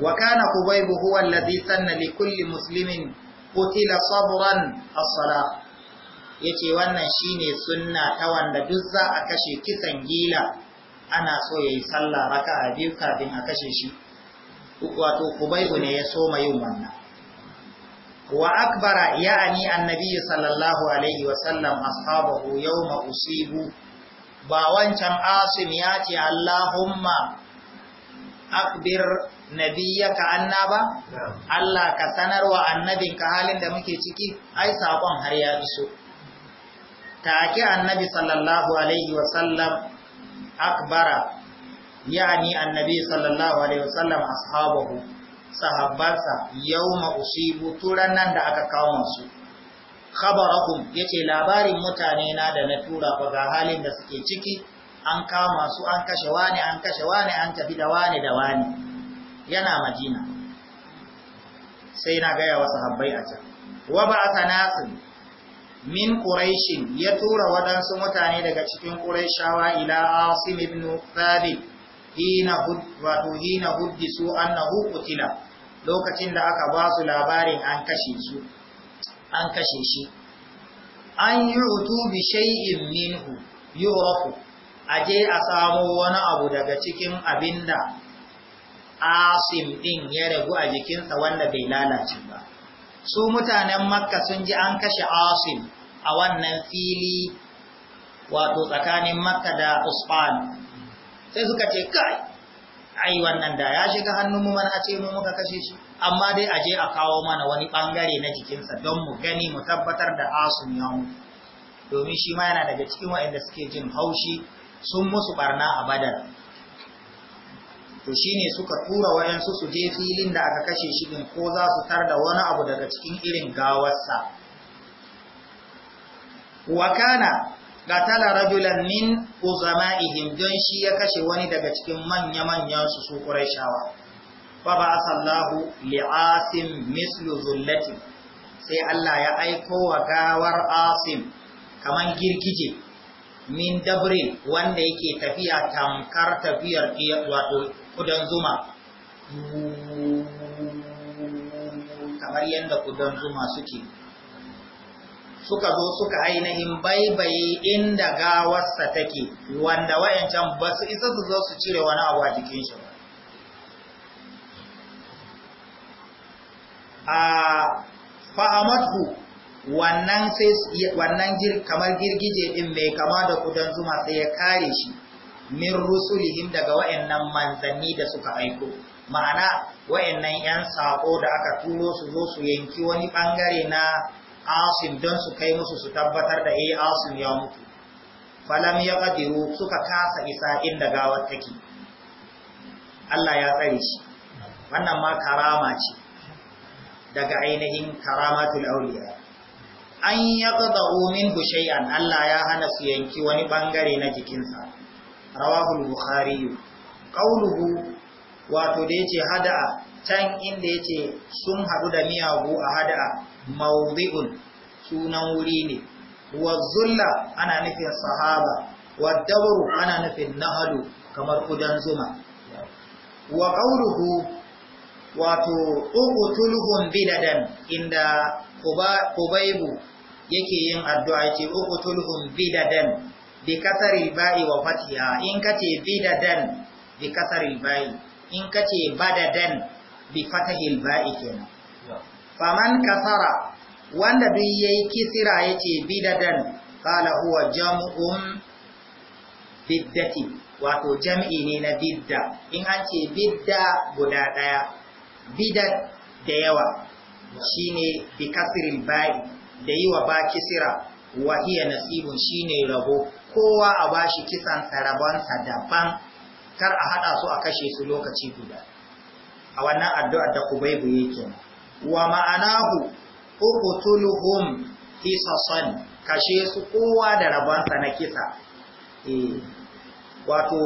wa kana Kubaibu huwa allazi sanna li kulli muslimin qutila sabran as-salah yace wannan shine sunna ta wanda duk za a kashe kisan gila ana so ya yi sallah raka a biyu kafin a kashe shi wato kubai'u ne ya soma yin wannan wa akbara ya'ani annabi sallallahu alaihi wa sallam ashabahu yawma usibu ba wancan asim ya ce allahumma akbir nabiyyaka annaba Allah ka sanarwa ka halin da muke ciki ai sakon har ya iso take annabi sallallahu alaihi wa sallam. akbara yani annabi sallallahu alaihi wasallam ashabahu sahabbansa yawma usibu turan nan da aka kawo su khabarakum yace labarin mutane na da na tura ko ga halin da suke ciki an kawo su an kashe wani an kashe wani an tafi da wani da wani yana madina sai na gaya wa sahabbai a can wa ba'atha min ƙuraishin ya tura waɗansu mutane daga cikin ƙuraishawa ila asim ibn thabit hina huddisu annahu qutila lokacin da aka ba su labarin an kashe su an kashe shi an yu'tu bi shay'in minhu yurafu aje a samo wani abu daga cikin abinda asim din ya ragu a jikinsa wanda bai lalace ba su mutanen makka sun ji an kashe asim a wannan fili wato tsakanin makka da usman sai suka ce kai ai wannan da ya shiga hannunmu mana a ce mu muka kashe shi amma dai aje a kawo mana wani bangare na jikinsa don mu gani mu tabbatar da asun ya mu domin shi ma yana daga cikin waɗanda suke jin haushi sun musu barna a badar to shine suka tura wayansu su je filin da aka kashe shi ko za su tar da wani abu daga cikin irin gawarsa wa kana qatala rajulan min uzama'ihim don shi ya kashe wani daga cikin manya manyan su su qurayshawa fa ba'asallahu li'asim mislu zullati sai Allah ya aiko wa gawar asim kamar girgije min dabri wanda yake tafiya tamkar tafiyar wato kudan zuma kamar yadda kudan zuma suke suka zo suka ainihin baibaye inda gawarsa take wanda wayancan ba su isa su zo su cire wani abu a jikin shi ba a fahamatu wannan sai kamar girgije din mai kama da kudan zuma sai ya kare shi min rusulihim daga wa'annan manzanni da suka aiko ma'ana wa'annan yan sako da aka turo su zo su yanki wani bangare na asim don su kai musu su tabbatar da eh asim ya mutu falam ya qadiru suka kasa isa inda gawar take Allah ya tsare shi wannan ma karama ce daga ainihin karamatul auliya an yaqta'u minhu shay'an Allah ya hana su yanki wani bangare na jikinsa rawahul bukhari qauluhu wato da yace hada'a can inda yace sun hadu da miyagu a hada'a mawdhi'un sunan wuri ne wa zulla ana nufin sahaba wa dabru ana nufin nahalu kamar kudan zuma wa qauluhu wato uqtuluhum bidadan inda qubaibu yake yin addu'a ce uqtuluhum bidadan bi kasar ba'i wa fatiha in kace bidadan bi kasar ba'i in kace badadan bi fatahil ba'i kenan faman kasara wanda duk yayi kisira yace bidadan qala huwa jam'un biddati wato jam'i ne na bidda in an ce bidda guda daya bidat da yawa shine bi kasril ba'i da yi wa ba kisira wa hiya nasibun shine rabo kowa a bashi kisan tsarabansa daban kar a haɗa su a kashe su lokaci guda a wannan addu'ar da kubaibu yake wa ma'anahu uqtuluhum qisasan kashe su kowa da rabansa na kisa eh wato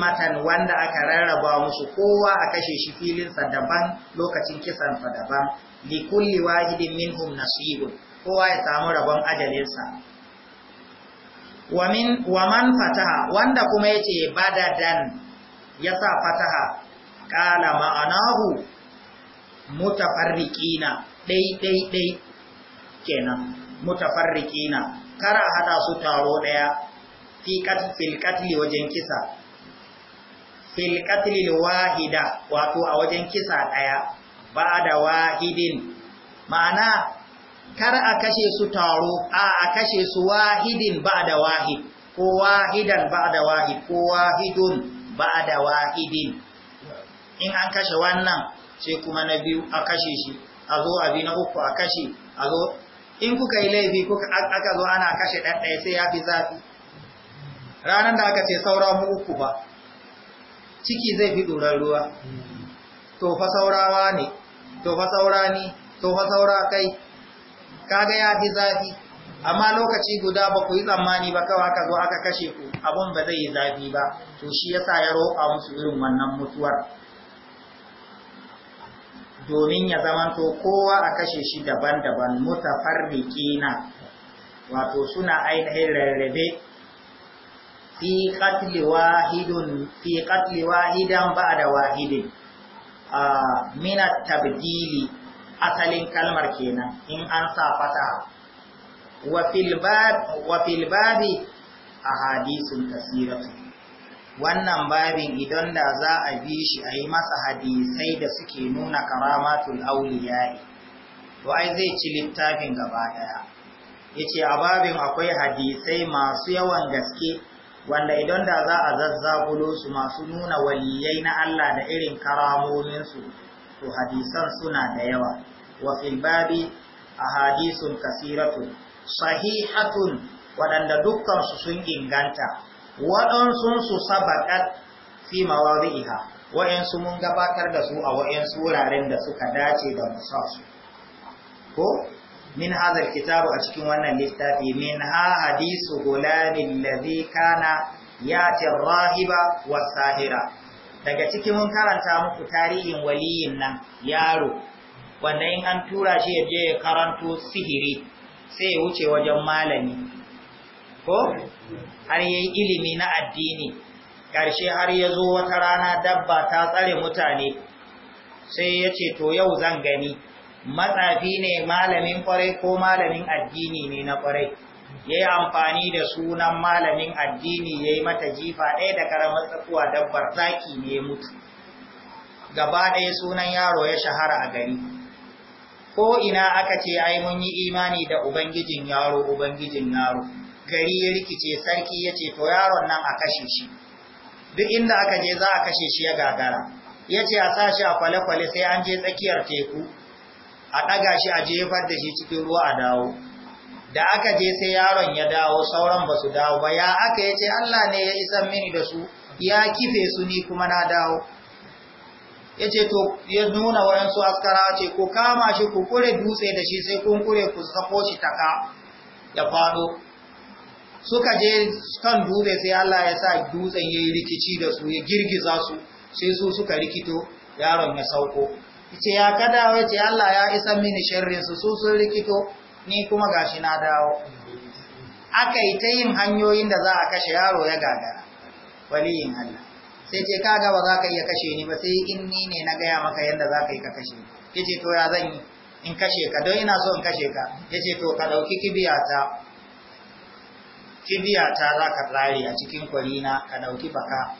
matan wanda aka rarraba musu kowa a kashe shi filinsa daban lokacin kisansa daban likulli wahidin minhum nasibun kowa ya samu rabon ajalinsa waman fataha wanda kuma ya ce badadan ya sa fataha ƙala ma'anahu mutafarriƙina ɗai-ɗai-ɗai kenan mutafarriƙina kar a haɗa su taro ɗaya filƙatili wajen kisa filƙatili wahida wato a wajen kisa ɗaya ba da wahidin ma'ana kar a kashe su taro a a kashe su wahidin ba da wahid ko wahidan ba da wahid ko wahidun ba da wahidin in an kashe wannan sai kuma na biyu a kashe shi a zo abi na uku a kashe a zo in kuka yi laifi kuka aka zo ana kashe ɗanɗaya sai ya fi zafi ranar da aka ce saura mu uku ba ciki zai fi ɗorar ruwa to fa saurawa ne to fa saura ni to fa saura kai kaga ya fi zafi amma lokaci guda ba ku yi tsammani ba kawai aka zo aka kashe ku abun ba zai yi zafi ba to shi yasa ya roƙa musu irin wannan mutuwar domin ya zamanto kowa a kashe shi daban-daban na wato suna ainihin rarrabe fi katli wahidun fi katli wahidan da wahidin a ah, mina tabdili asalin kalmar kenan in an sa fata wa fil babi ahadisun kasiratu wannan babin idan da za a bi shi a yi masa hadisai da suke nuna karamatul auliyai to ai zai ci littafin gaba daya yace a babin akwai hadisai masu yawan gaske wanda idan da za a zazzabulo su masu nuna waliyai na Allah da irin karamominsu to hadisan suna da yawa wa fil babi ahadisun kasiratun sahihatun waɗanda dukkansu sun inganta su sabakat fi mawadi'iha wa'yansu mun gabatar da su a wa'yansu wuraren da suka dace da musasu ko min hadal kitabu a cikin wannan littafi min ha hadisu gulamin ladhi kana yati rahiba wa sahira daga cikin mun karanta muku tarihin waliyin nan yaro wanda in an tura shi ya je ya karanto sihiri sai ya wuce wajen malami ko har ya yi ilimi na addini ƙarshe har ya zo wata rana dabba ta tsare mutane sai ya ce to yau zan gani matsafi ne malamin kwarai ko malamin addini ne na kwarai ya yi amfani da sunan malamin addini ya yi mata jifa ɗaya da karamar tsakuwa dabbar zaki ne ya mutu gaba ɗaya sunan yaro ya shahara a gari ko ina aka ce ai mun yi imani da ubangijin yaro ubangijin yaro gari ya rikice sarki ya ce to yaron nan a kashe shi duk inda aka je za a kashe shi ya gagara ya ce a sa shi a kwale-kwale sai an je tsakiyar teku a ɗaga shi a jefar da shi cikin ruwa a dawo da aka je sai yaron ya dawo sauran ba su dawo ba ya aka ya ce Allah ne ya isan mini da su ya kife su ni kuma na dawo ya ce to ya nuna waɗansu askara ce ku kama shi ku kure dutse da shi sai kun kure ku sako shi taka ya faɗo suka je kan dutse sai Allah ya sa dutsen ya yi rikici da su ya girgiza su sai su suka rikito yaron ya sauko ya ce ya kada ya ce Allah ya isa mini sharrinsu su sun rikito ni kuma gashi na dawo aka yi ta yin hanyoyin da za a kashe yaro ya gagara waliyin Allah sai ce ka ga ba za ka iya kashe ni ba sai in ni ne na gaya maka yadda za ka yi ka kashe ya ce to ya zan yi in kashe ka don ina so in kashe ka ya ce to ka ɗauki kibiyata kibiyata za ka tsari a cikin kwarina ka ɗauki baka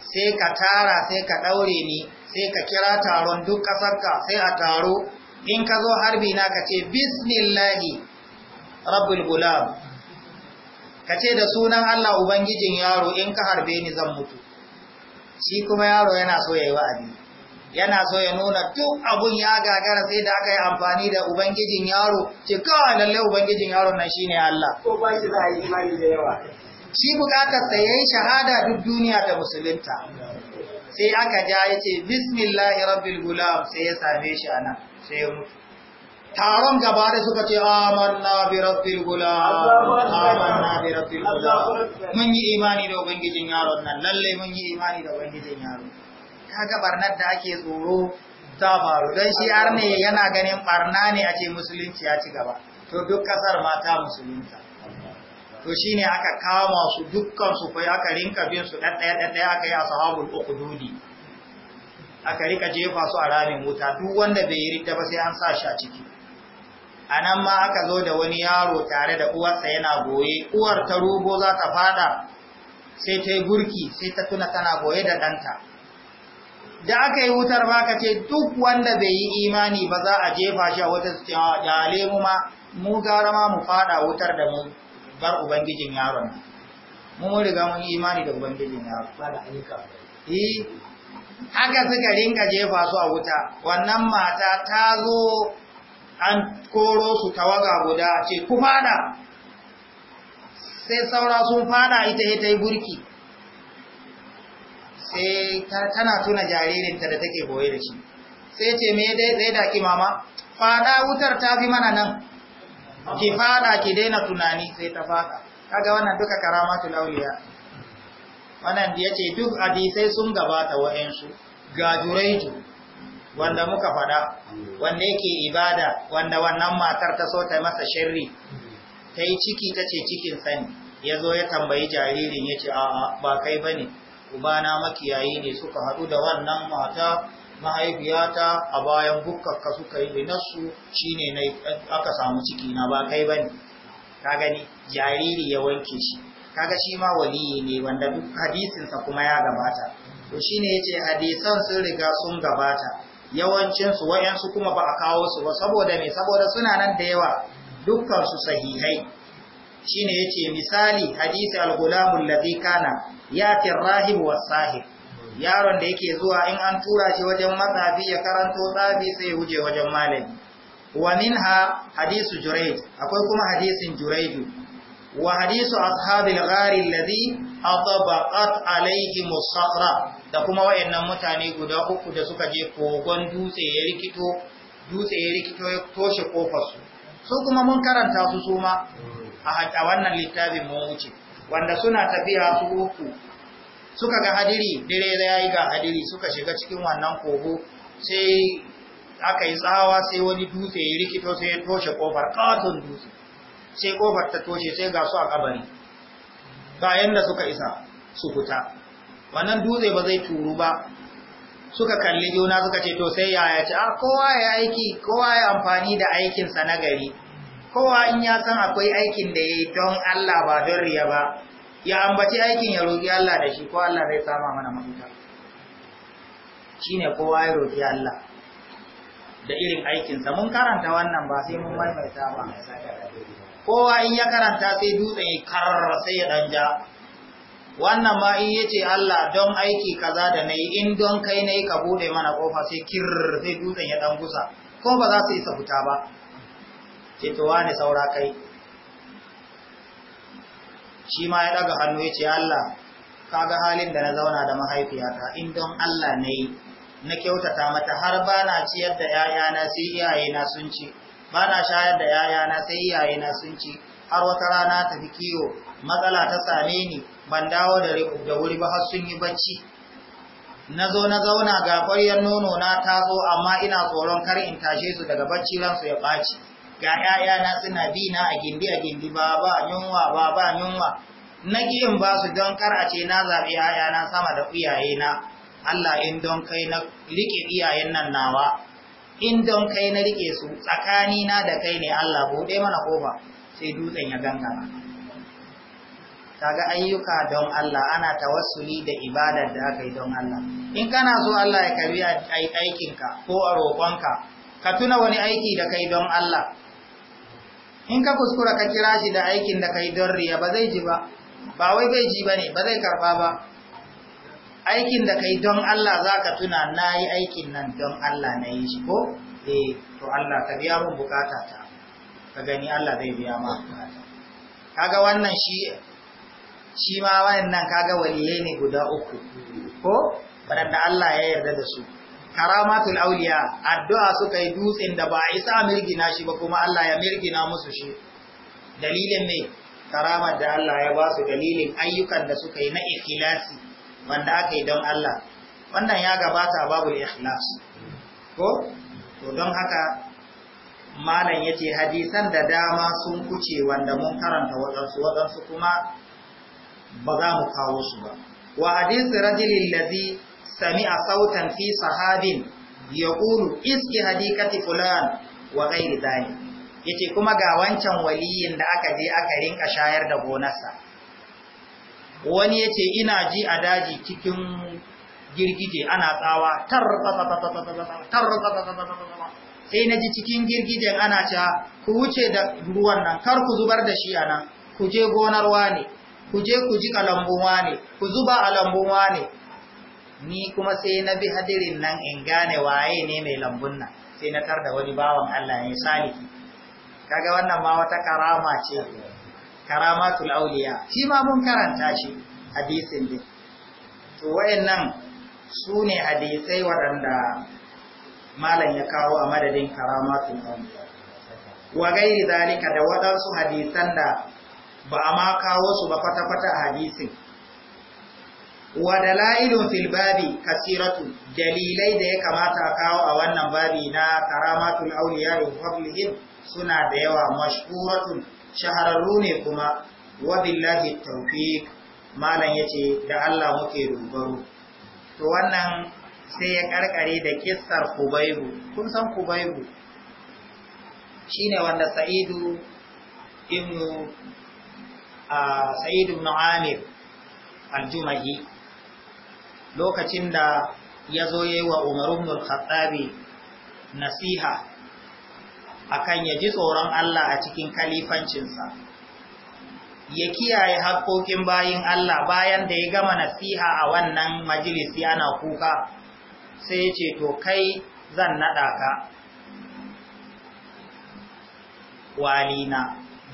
sai ka tara sai ka ɗaure ni sai ka kira taron duk ƙasarka sai a taro in ka zo harbi na ka ce bismillahi rabbul gulam ka ce da sunan Allah ubangijin yaro in ka harbe ni zan mutu shi kuma yaro yana so ya yi wa'azi yana so ya nuna duk abun ya gagara sai da aka yi amfani da ubangijin yaro ce kawai lalle ubangijin yaro nan ne Allah ko ba shi za a yi imani da yawa shi bukatar sa yayi shahada duk duniya da musulunta sai aka ja yace bismillahi rabbil gulam sai ya same shi anan sai taron gaba da suka ce amanna bi rabbil gulam amanna bi rabbil gulam mun yi imani da ubangijin yaron nan lalle mun yi imani da ubangijin yaron kaga barnar da ake tsoro ta faru dan shi har ne yana ganin ɓarna ne a ce musulunci ya ci gaba to duk kasar mata musulunta to shine aka kama su dukkan su kai aka rinka bin su ɗaɗɗaya ɗaɗɗaya aka yi ashabul uqdudi aka rika jefa su a ramin wuta duk wanda bai yi ridda ba sai an sa shi a ciki anan ma aka zo da wani yaro tare da uwarsa yana goye uwar ta rubo za ta fada sai ta yi gurki sai ta tuna tana goye da ɗanta da aka yi wutar ba ka ce duk wanda bai yi imani ba za a jefa shi a wata jale ah, mu ma mu gara ma mu fada wutar da mu bar ubangijin yaron mu mun riga mun imani da ubangijin yaron haka suka rinka jefa su a wuta wannan mata ta zo an koro su tawaga guda ce ku fada sai saura sun fada ita ya ta yi burki sai tana tuna jaririnta da take boye da shi sai ce me dai daki mama fada wutar ta fi mana nan ki fada ki daina tunani sai ta fada kaga wannan duka karamatul auliya wannan da yace duk hadisai sun gabata wa'ansu ga wanda muka faɗa wanda yake ibada wanda wannan matar ta so ta masa sharri ta ciki tace cikin sani yazo ya tambayi jaririn yace ce a'a ba kai bane ne na makiyayi ne suka haɗu da wannan mata mahaifiyata a bayan bukakka suka yi nasu shine ne aka samu ciki na ba kai ba ka gani jariri ya wanke shi kaga shi ma waliyi ne wanda duk hadisinsa kuma ya gabata to shine yace hadisan sun riga sun gabata yawancin su wayansu kuma ba a kawo su ba saboda me saboda suna nan da yawa dukkan su sahihai shine yace misali hadisi al-gulamul ladhi kana yati rahib was-sahib yaron da yake zuwa in an tura shi wajen matsafi ya karanto tsafi sai ya huje wajen malami wa minha hadisu jurayd akwai kuma hadisin jurayd wa hadisu ashabil ghari alladhi atabaqat alayhim da kuma wayannan mutane guda uku da suka je kogon dutse ya rikito dutse ya rikito ya toshe kofar su kuma mun karanta su suma a wannan littafin mun wuce wanda suna tafiya su uku suka ga hadiri dare ya yi ga hadiri suka shiga cikin wannan kogo sai aka yi tsawa sai wani dutse ya rikito sai ya toshe kofar katon dutse sai kofar ta toshe sai ga su a kabari bayan da suka isa su fita wannan dutse ba zai turu ba suka kalli juna suka ce to sai yaya ce a ah, kowa ya aiki kowa ya amfani da aikinsa na gari kowa in ya san akwai aikin da ya yi don Allah ba don riya ba ya ambaci aikin ya roƙi Allah da shi ko Allah zai sama mana mafita shi ne kowa ya roƙi Allah da irin aikinsa mun karanta wannan ba sai mun maimaita ba kowa in ya karanta sai dutse ya karar sai ya danja wannan ma in yace Allah don aiki kaza da nayi in don kai nayi ka bude mana kofa sai kir sai dutsen ya dan gusa ko ba za su isa fita ba ce to wani saura kai shi ma ya daga hannu yace Allah kaga halin da na zauna da mahaifiyata in don Allah nayi na kyautata mata har bana ciyar da 'ya'yana sai iyayena sun ce ba na shayar da yayana sai iyayena sun ci har wata rana ta fi kiwo matsala ta same ni ban dawo da wuri ba har sun yi bacci na zo na zauna ga ƙwaryar nono na taso amma ina tsoron kar in tashe su daga bacci ransu ya ɓaci ga ‘ya'yana suna bi na a gindi a gindi ba ba yunwa ba ba yunwa na giyin ba su don kar a ce na zaɓi ‘ya'yana sama da iyayena na Allah in don kai na riƙe iyayen nan nawa in don kai na rike su tsakani na da kai ne Allah buɗe mana kofa sai dutsen ya gangara kaga ayyuka don Allah ana tawassuli da ibadar da aka yi don Allah in kana so Allah ya karbi aikinka ko a roƙonka ka tuna wani aiki da kai don Allah in ka kuskura ka kira shi da aikin da kai don riya ba zai ji ba ba wai bai ji bane ba zai karba ba aikin da kai don Allah za ka tuna na yi aikin nan don Allah na yi shi ko? eh to Allah ka biya mun bukata ta ka gani Allah zai biya ma bukata kaga wannan shi shi ma nan kaga ne guda uku ko wadanda Allah ya yarda da su karamatul auliya addu'a suka yi dutsen da ba a isa mirgina shi ba kuma Allah ya mirgina musu shi dalilin ne karamar da Allah ya ba su dalilin ayyukan da suka yi na ikilasi wanda aka yi don Allah wannan ya gabata babu ikhlas ko to don haka malam yace hadisan da dama sun kuce wanda mun karanta wadansu wadansu kuma ba za mu kawo su ba wa hadisi rajulil ladhi sami'a sautan fi sahabin yaqulu iski hadikati fulan wa ghairi dhalik yace kuma ga wancan waliyin da aka je aka rinka shayar da gonarsa wani yace ina ji a daji cikin girgije ana tsawa tar tar sai na ji cikin girgijen ana cewa ku wuce da ruwan nan kar ku zubar da shi a nan ku je gonar ne, ku je ku ji kalambun ne, ku zuba a lambun ne. ni kuma sai na bi hadirin nan in gane waye ne mai lambun nan sai na tar da wani bawan Allah ya saliki kaga wannan ma wata karama ce karamatul auliya shi ma mun karanta shi hadisin din to wayannan su ne hadisai waɗanda malam ya kawo a madadin karamatul auliya wa gairi zalika da waɗansu hadisan da ba a ma kawo su ba kwata-kwata a hadisin wa dalailun fil babi kasiratu dalilai da ya kamata a kawo a wannan babi na karamatul auliya wa fadlihim suna da yawa mashhuratun shahararru ne kuma Wabillahi tawfiq malam yace da Allah muke dogaro to wannan sai ya karkare da kissar Kubaibu kun san Kubaibu shine wanda Sa'idu ibn a Sa'idu ibn Amir al-Jumahi lokacin da ya zo yayi wa Umar ibn al-Khattabi nasiha akan ya ji tsoron Allah a cikin kalifancinsa ya kiyaye haƙoƙin bayin Allah bayan da ya gama nasiha a wannan majalisi ana kuka sai ya ce to kai zan naɗa ka walina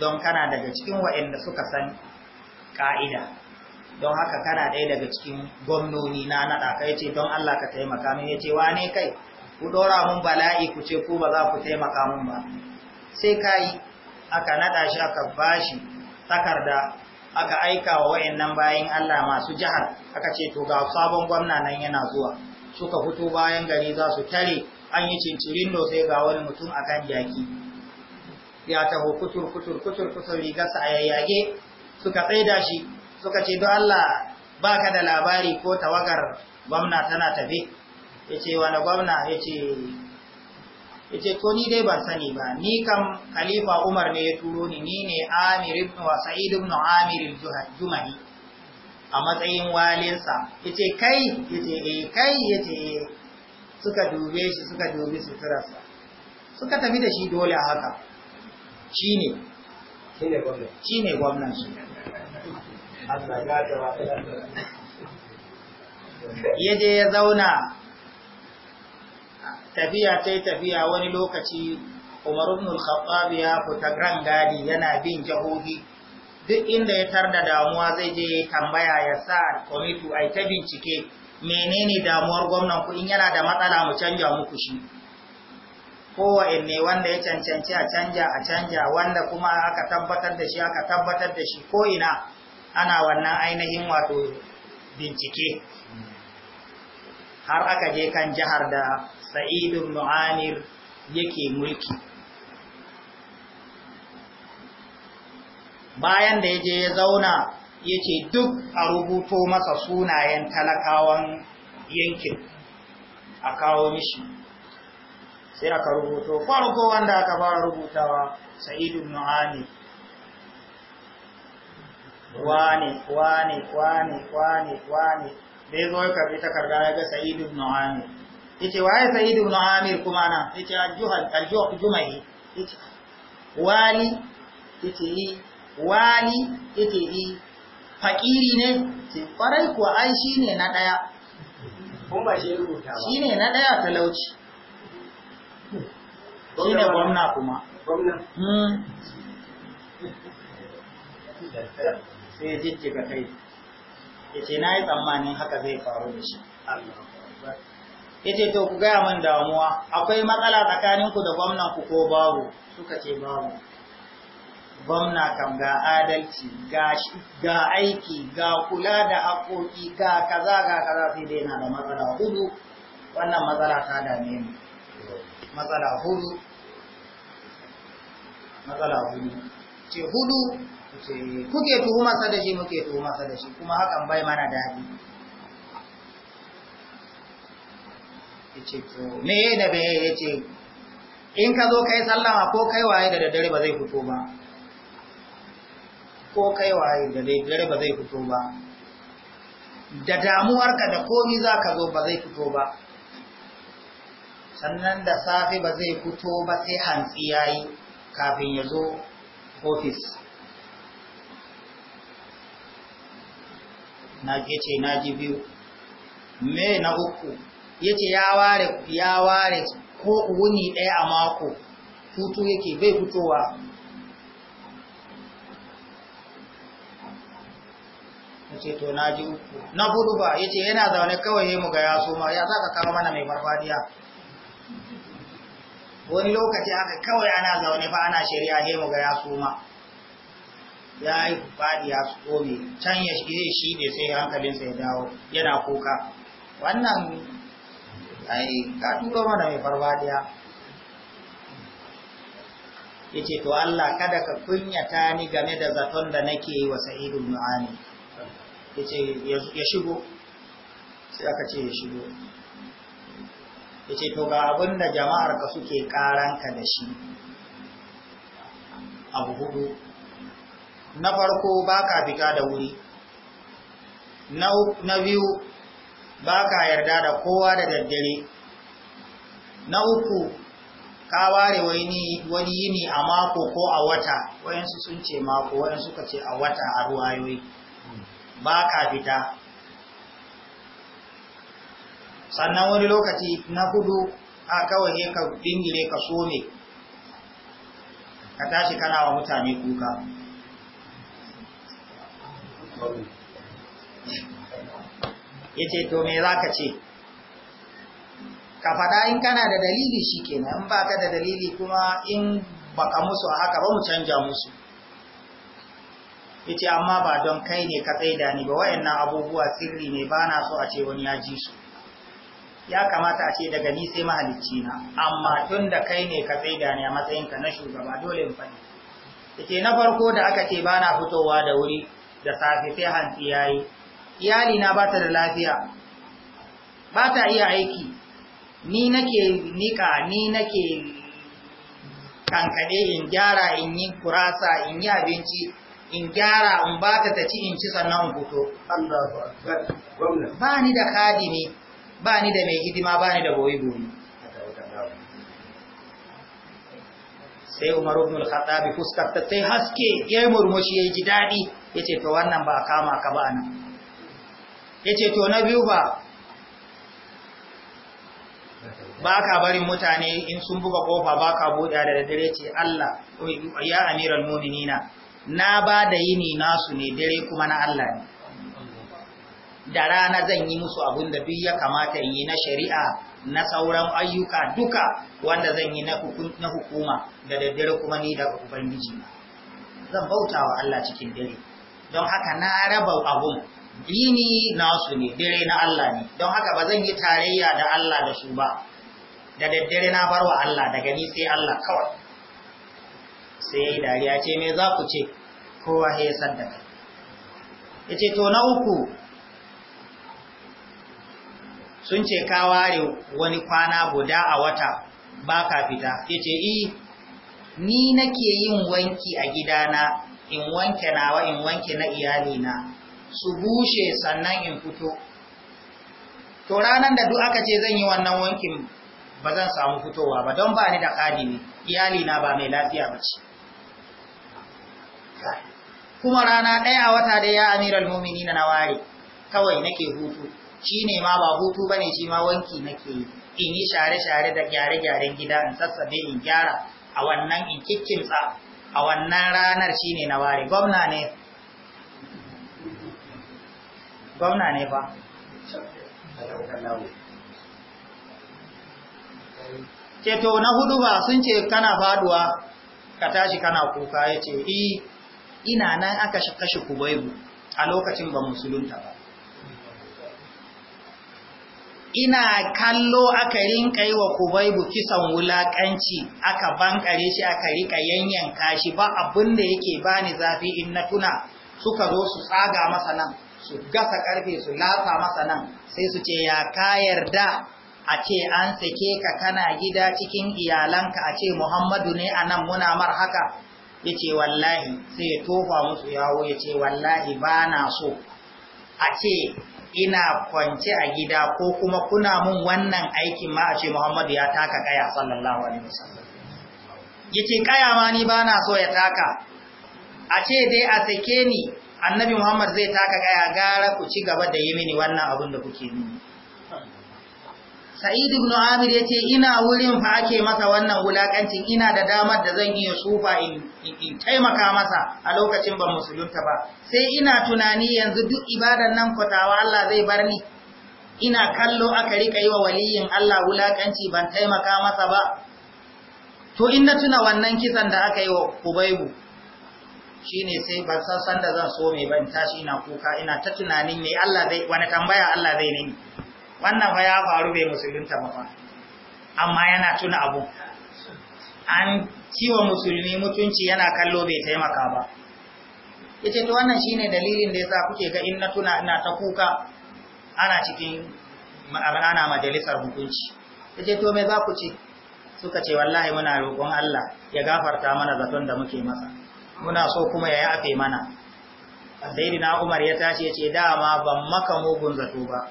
don kana daga cikin waɗanda suka san ƙa'ida don haka kana ɗaya daga cikin gwamnoni na naɗa ka ya ce don Allah ka taimaka min ya ce wane kai ku ɗora mun bala'i ku ce ku ba za ku taimaka mun ba sai ka aka naɗa shi aka bashi takarda aka aika wa wa'annan bayan Allah masu jihar aka ce to ga sabon gwamna nan yana zuwa suka fito bayan gari za su tare an yi cincirin do sai ga wani mutum kan yaƙi. ya taho kutur kutur kutur kutur rigarsa a yayyage suka tsaida shi suka ce don Allah baka da labari ko tawagar gwamna tana tafi? ya ce wani gwamna ya ce ya ce ko ni dai ban sani ba ni kam khalifa umar ne ya turo ni ni ne amir ibn wa sa'id ibn amir al a matsayin walinsa ya ce kai ya ce eh kai ya ce suka dube shi suka su turarsa suka tafi da shi dole a haka shi ne shi ne gwamnan shi. ya je ya zauna tafiya tai tafiya wani lokaci Umar ibn al ya fita gran gadi yana bin jahohi duk inda ya tarda damuwa zai je ya tambaya ya sa committee ai ta bincike menene damuwar gwamnan ku yana da matsala mu canja muku shi kowanne wanda ya cancanci a canja a canja wanda kuma aka tabbatar da shi aka tabbatar da shi ko ina ana wannan ainihin wato bincike har aka je kan jihar da sa'id ibn amir yake mulki bayan da ya je ya zauna ya ce duk a rubuto masa sunayen talakawan yankin a kawo mishi sai aka rubuto farko wanda aka fara rubutawa sa'id ibn amir wane wane wane wane wane da ya zo ya karbi takarda ya ga sa'id ibn yace waye sai ibn amir kuma na yace al-juhal al jumai yace wali yace yi e. wali yace yi e. fakiri ne ce kwarai kuwa ai shine na daya kuma shi rubuta ba shine na daya talauci shine gwamna kuma gwamna hmm. sai ya ka kai yace na yi tsammanin haka zai faru da shi Allah yace to ku gaya man damuwa akwai matsala tsakaninku da gwamnan ku ko babu suka ce babu gwamna kam ga adalci ga aiki ga kula da haƙoƙi ga kaza ga kaza sai dai na da matsala hudu wannan matsala ta dame mu matsala hudu matsala hudu ce hudu kuke tuhumarsa da shi muke tuhuma da shi kuma hakan bai mana daɗi yace to me da be yace in ka zo kai sallama ko kai waye da daddare ba zai fito ba ko kai waye da daddare ba zai fito ba da damuwarka da komi za ka zo ba zai fito ba sannan da safe ba zai fito ba sai hantsi ya yi kafin ya zo ofis na ce na ji biyu me na uku yace ya ware ya ware ko wuni ɗaya a mako hutu yake bai hutowa yace to na ji uku na hudu ba yace yana zaune kawai mu ga ya soma ya zaka kawo mana mai farfadiya wani lokaci haka kawai ana zaune fa ana shari'a he mu ga ya soma ya yi fadi ya komi can ya shi ne sai hankalinsa ya dawo yana kuka wannan ai ka turo mana mai farfadiya yace to Allah kada ka kunyata ni game da zaton da nake yi wa Sa'id ibn Amir yace ya shigo sai aka ce ya shigo yace to ga abinda da jama'ar ka suke karanka da shi abu hudu na farko baka fita da wuri na biyu ba ka yarda da kowa da daddare na uku ka ware wani yini a mako ko a wata wayansu sun ce mako wayansu suka ce a wata a ruwayoyi ba ka fita sannan wani lokaci na hudu a kawai ka dingire ka so ne, ka tashi kana wa mutane kuka ya ce to me za ce ka faɗa in kana da dalili shi kenan in baka da dalili kuma in baka musu a haka ba mu canja musu ya ce amma ba don kai ne ka tsaida ni ba wa'annan abubuwa sirri ne ba na so a ce wani ya ji su ya kamata a ce daga ni sai mahalicci na amma tun da kai ne ka tsaida ni a matsayinka na shugaba dole in faɗi ya ce na farko da aka ce ba na fitowa da wuri da safe sai hantsi ya yi iyali na ba da lafiya bata iya aiki ni nake nika ni nake kankade in gyara in yi kurasa in yi abinci in gyara in ba ta ci in ci sannan in fito ba ni da kadimi ba ni da mai hidima ba ni da boye boye sai umar ibn khattabi fuskar ta sai haske ya yi murmushi ya ji daɗi ya ce to wannan ba kama ka ba nan ya ce to na biyu ba ba ka barin mutane in sun buga kofa ba ka buɗe da dare ce Allah ya amiral muminina na ba da yini nasu ne dare kuma na Allah ne da rana zan yi musu abun da duk ya kamata in yi na shari'a na sauran ayyuka duka wanda zan yi na hukuma da daddare kuma ni da ubangiji zan bauta wa Allah cikin dare don haka na raba abun dini nasu ne dare na Allah ne don haka ba zan yi tarayya da Allah da su ba da daddare na bar Allah daga ni sai Allah kawai sai dariya ce me za ku ce kowa ya san Ya yace to na uku sun ce ka ware wani kwana guda a wata ba ka fita yace i ni nake yin wanki a gidana in wanke nawa in wanke na iyalina su bushe sannan in fito to ranar da duk aka ce zan yi wannan wankin ba zan samu fitowa ba don ba ni da ne, iyalina ba mai lafiya ba ce kuma rana ɗaya a wata da ya amiral mumini na ware kawai nake hutu shi ne ma ba hutu ba ne shi ma wanki nake yi in yi share-share da gyare-gyaren gida in sassabe in gyara a wannan in kikkinsa a wannan ranar shi ne na ware gwamna ne gwamna ne fa ceto na hudu ba sun ce kana faduwa ka tashi kana kuka ya ce e, ina nan aka kashe kubaibu a lokacin ba musulunta ba ina kallo aka rinka yi wa kubaibu kisan wulaƙanci, aka bankare shi aka rika yanyanka shi ba abinda yake bani zafi in na tuna suka zo su tsaga masa nan su gasa karfe su lafa masa nan sai su ce ya ka yarda a ce an sake ka kana gida cikin iyalanka a ce muhammadu ne a nan muna mar haka ya ce wallahi sai ya tofa musu yawo ya ce wallahi ba na so a ce ina kwance a gida ko kuma kuna mun wannan aikin ma a ce muhammadu ya taka kaya sallallahu alaihi wasallam ya ce kaya ma ni ba na so ya taka a ce dai a sake ni annabi Muhammad zai taka gaya gara ku ci gaba da yi mini wannan abin da kuke mini Sa'id ibn Amir ce ina wurin fa ake masa wannan wulakancin ina da damar da zan iya sufa in taimaka masa a lokacin ba musulunta ba sai ina tunani yanzu duk ibadan nan kwatawa Allah zai bar ni ina kallo aka rika yi wa waliyin Allah wulakanci ban taimaka masa ba to in na tuna wannan kisan da aka yi wa Ubaibu shine sai ban san sanda zan so mai ban tashi ina kuka ina ta tunanin me Allah zai wani tambaya Allah zai nemi. wannan fa ya faru bai musulunta ba fa amma yana tuna abu an ciwa musulmi mutunci yana kallo bai taimaka ba yace to wannan shine dalilin da yasa kuke ga in na tuna ina ta kuka ana cikin ana majalisar hukunci yace to me za ku ce suka ce wallahi muna roƙon Allah ya gafarta mana zaton da muke masa muna so kuma ya yafe mana na Umar ya tashi ya ce dama ban maka mugun zato ba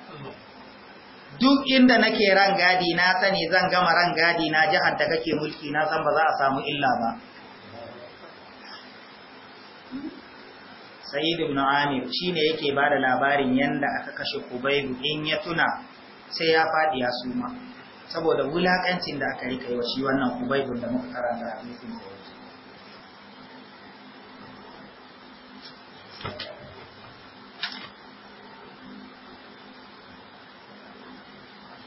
duk inda nake ran gadi na sani zan gama ran gadi na jihar da kake mulki na san ba za a samu illa ba Sayyid ibn Amir shine yake bada labarin yanda aka kashe Kubayb in ya tuna sai ya fadi ya suma saboda wulakancin da aka yi kai wa shi wannan Kubayb da muka karanta a sa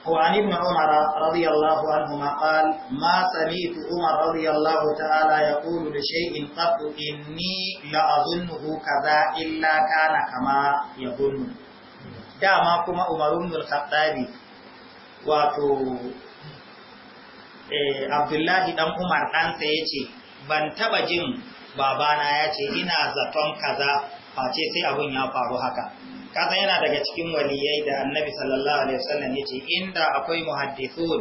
وعن ابن عمر رضي الله عنهما قال ما سميت عمر رضي الله تعالى يقول لشيء قط إني لأظنه كذا إلا كان كما يظن دعما كما عمر بن الخطاب واتو عبد الله دم عمر أنت يتي ban taba jin babana ya ce ina face sai abun ya faru haka kasan yana daga cikin waliyai da annabi sallallahu alaihi wasallam yace inda akwai muhaddithun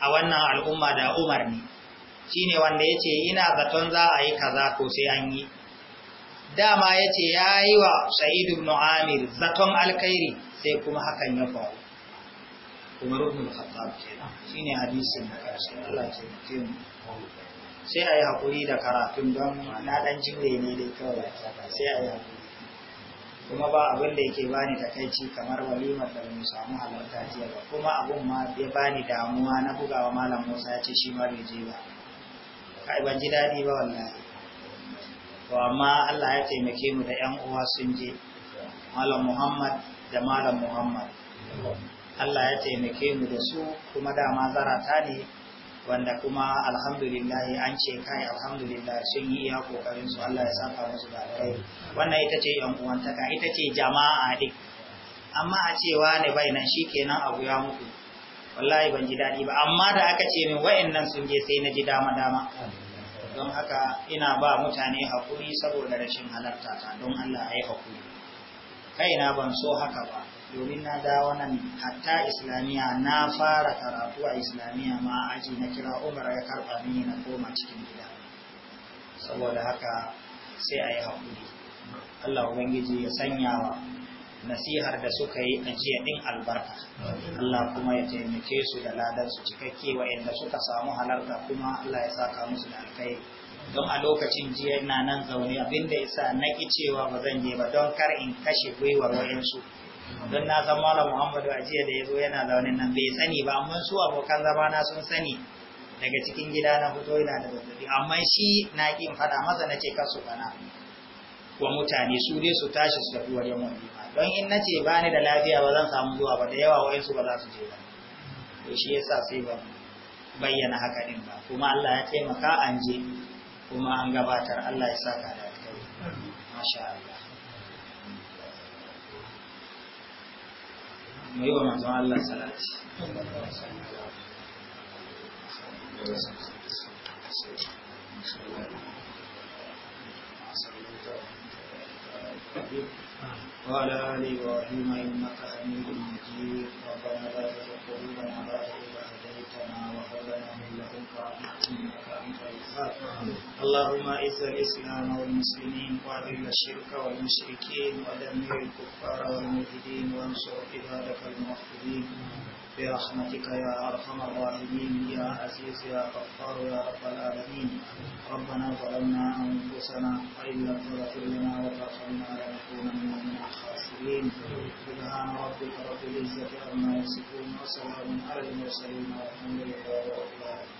a wannan al'umma da Umar ne shine wanda yace ina zaton za a yi kaza ko sai an yi dama yace yayi wa Sa'id ibn Amir zaton alkhairi sai kuma hakan ya faru kuma ibn Khattab kenan shine hadisin da karshe Allah ya tsare mu sai a yi haƙuri da karatun don na ɗan jimre ne dai kawai sai a yi haƙuri kuma ba abin da yake bani takaici kamar walimar da mu samu halarta jiya ba kuma abin ma ya bani damuwa na bugawa malam Musa ya ce shi ma bai je ba kai ban ji daɗi ba wallahi to amma Allah ya taimake mu da 'yan uwa sun je malam Muhammad da malam Muhammad Allah ya taimake mu da su kuma dama zarata ne wanda kuma alhamdulillah an ce kai alhamdulillah sun yi iya kokarin su Allah ya saka musu da alkhairi wannan ita ce yan uwantaka ita ce jama'a ne amma a cewa ne bai nan shikenan abu ya muku. wallahi ban ji dadi ba amma da aka ce min wayannan sun je sai na ji dama dama don haka ina ba mutane hakuri saboda rashin halarta ta don Allah ya yi kai kaina ban so haka ba domin na dawo wannan hatta islamiyya na fara karatu a islamiyya ma aji na kira umar ya karba mini na koma cikin gida saboda haka sai a yi haƙuri allah ubangiji ya sanya wa nasihar da suka yi a jiya ɗin albarka allah kuma ya taimake su da su cikakke wa inda suka samu halarta kuma allah ya saka musu da alkhairi don a lokacin jiya na nan zaune abinda yasa na cewa ba zan je ba don kar in kashe gwiwar wa'insu don na san malam muhammadu a jiya da ya zo yana zaune nan bai sani ba amma su abokan zama na sun sani daga cikin gida na fito yana da zazzabi amma shi na ƙin faɗa masa na ce kasu bana wa mutane su dai su tashi su tafi wajen wani don in na ce ba ni da lafiya ba zan samu zuwa ba da yawa su ba za su je ba to shi yasa sai ba bayyana haka din ba kuma Allah ya taimaka an je kuma an gabatar Allah ya saka da kai masha mu yi wa manzon Allah salati وعلى آل إبراهيم إنك حميد مجيد ربنا لا تزغ قلوبنا بعد اللهم اعز الاسلام والمسلمين واذل الشرك والمشركين ودمر الكفار والملحدين وانصر عبادك الموحدين برحمتك يا أرحم الراحمين يا عزيز يا غفار يا رب العالمين ربنا ظلمنا أنفسنا وإن لم تغفر لنا وترحمنا لنكونن من الخاسرين سبحان ربك رب العزة عما يصفون وسلام على المرسلين والحمد لله رب العالمين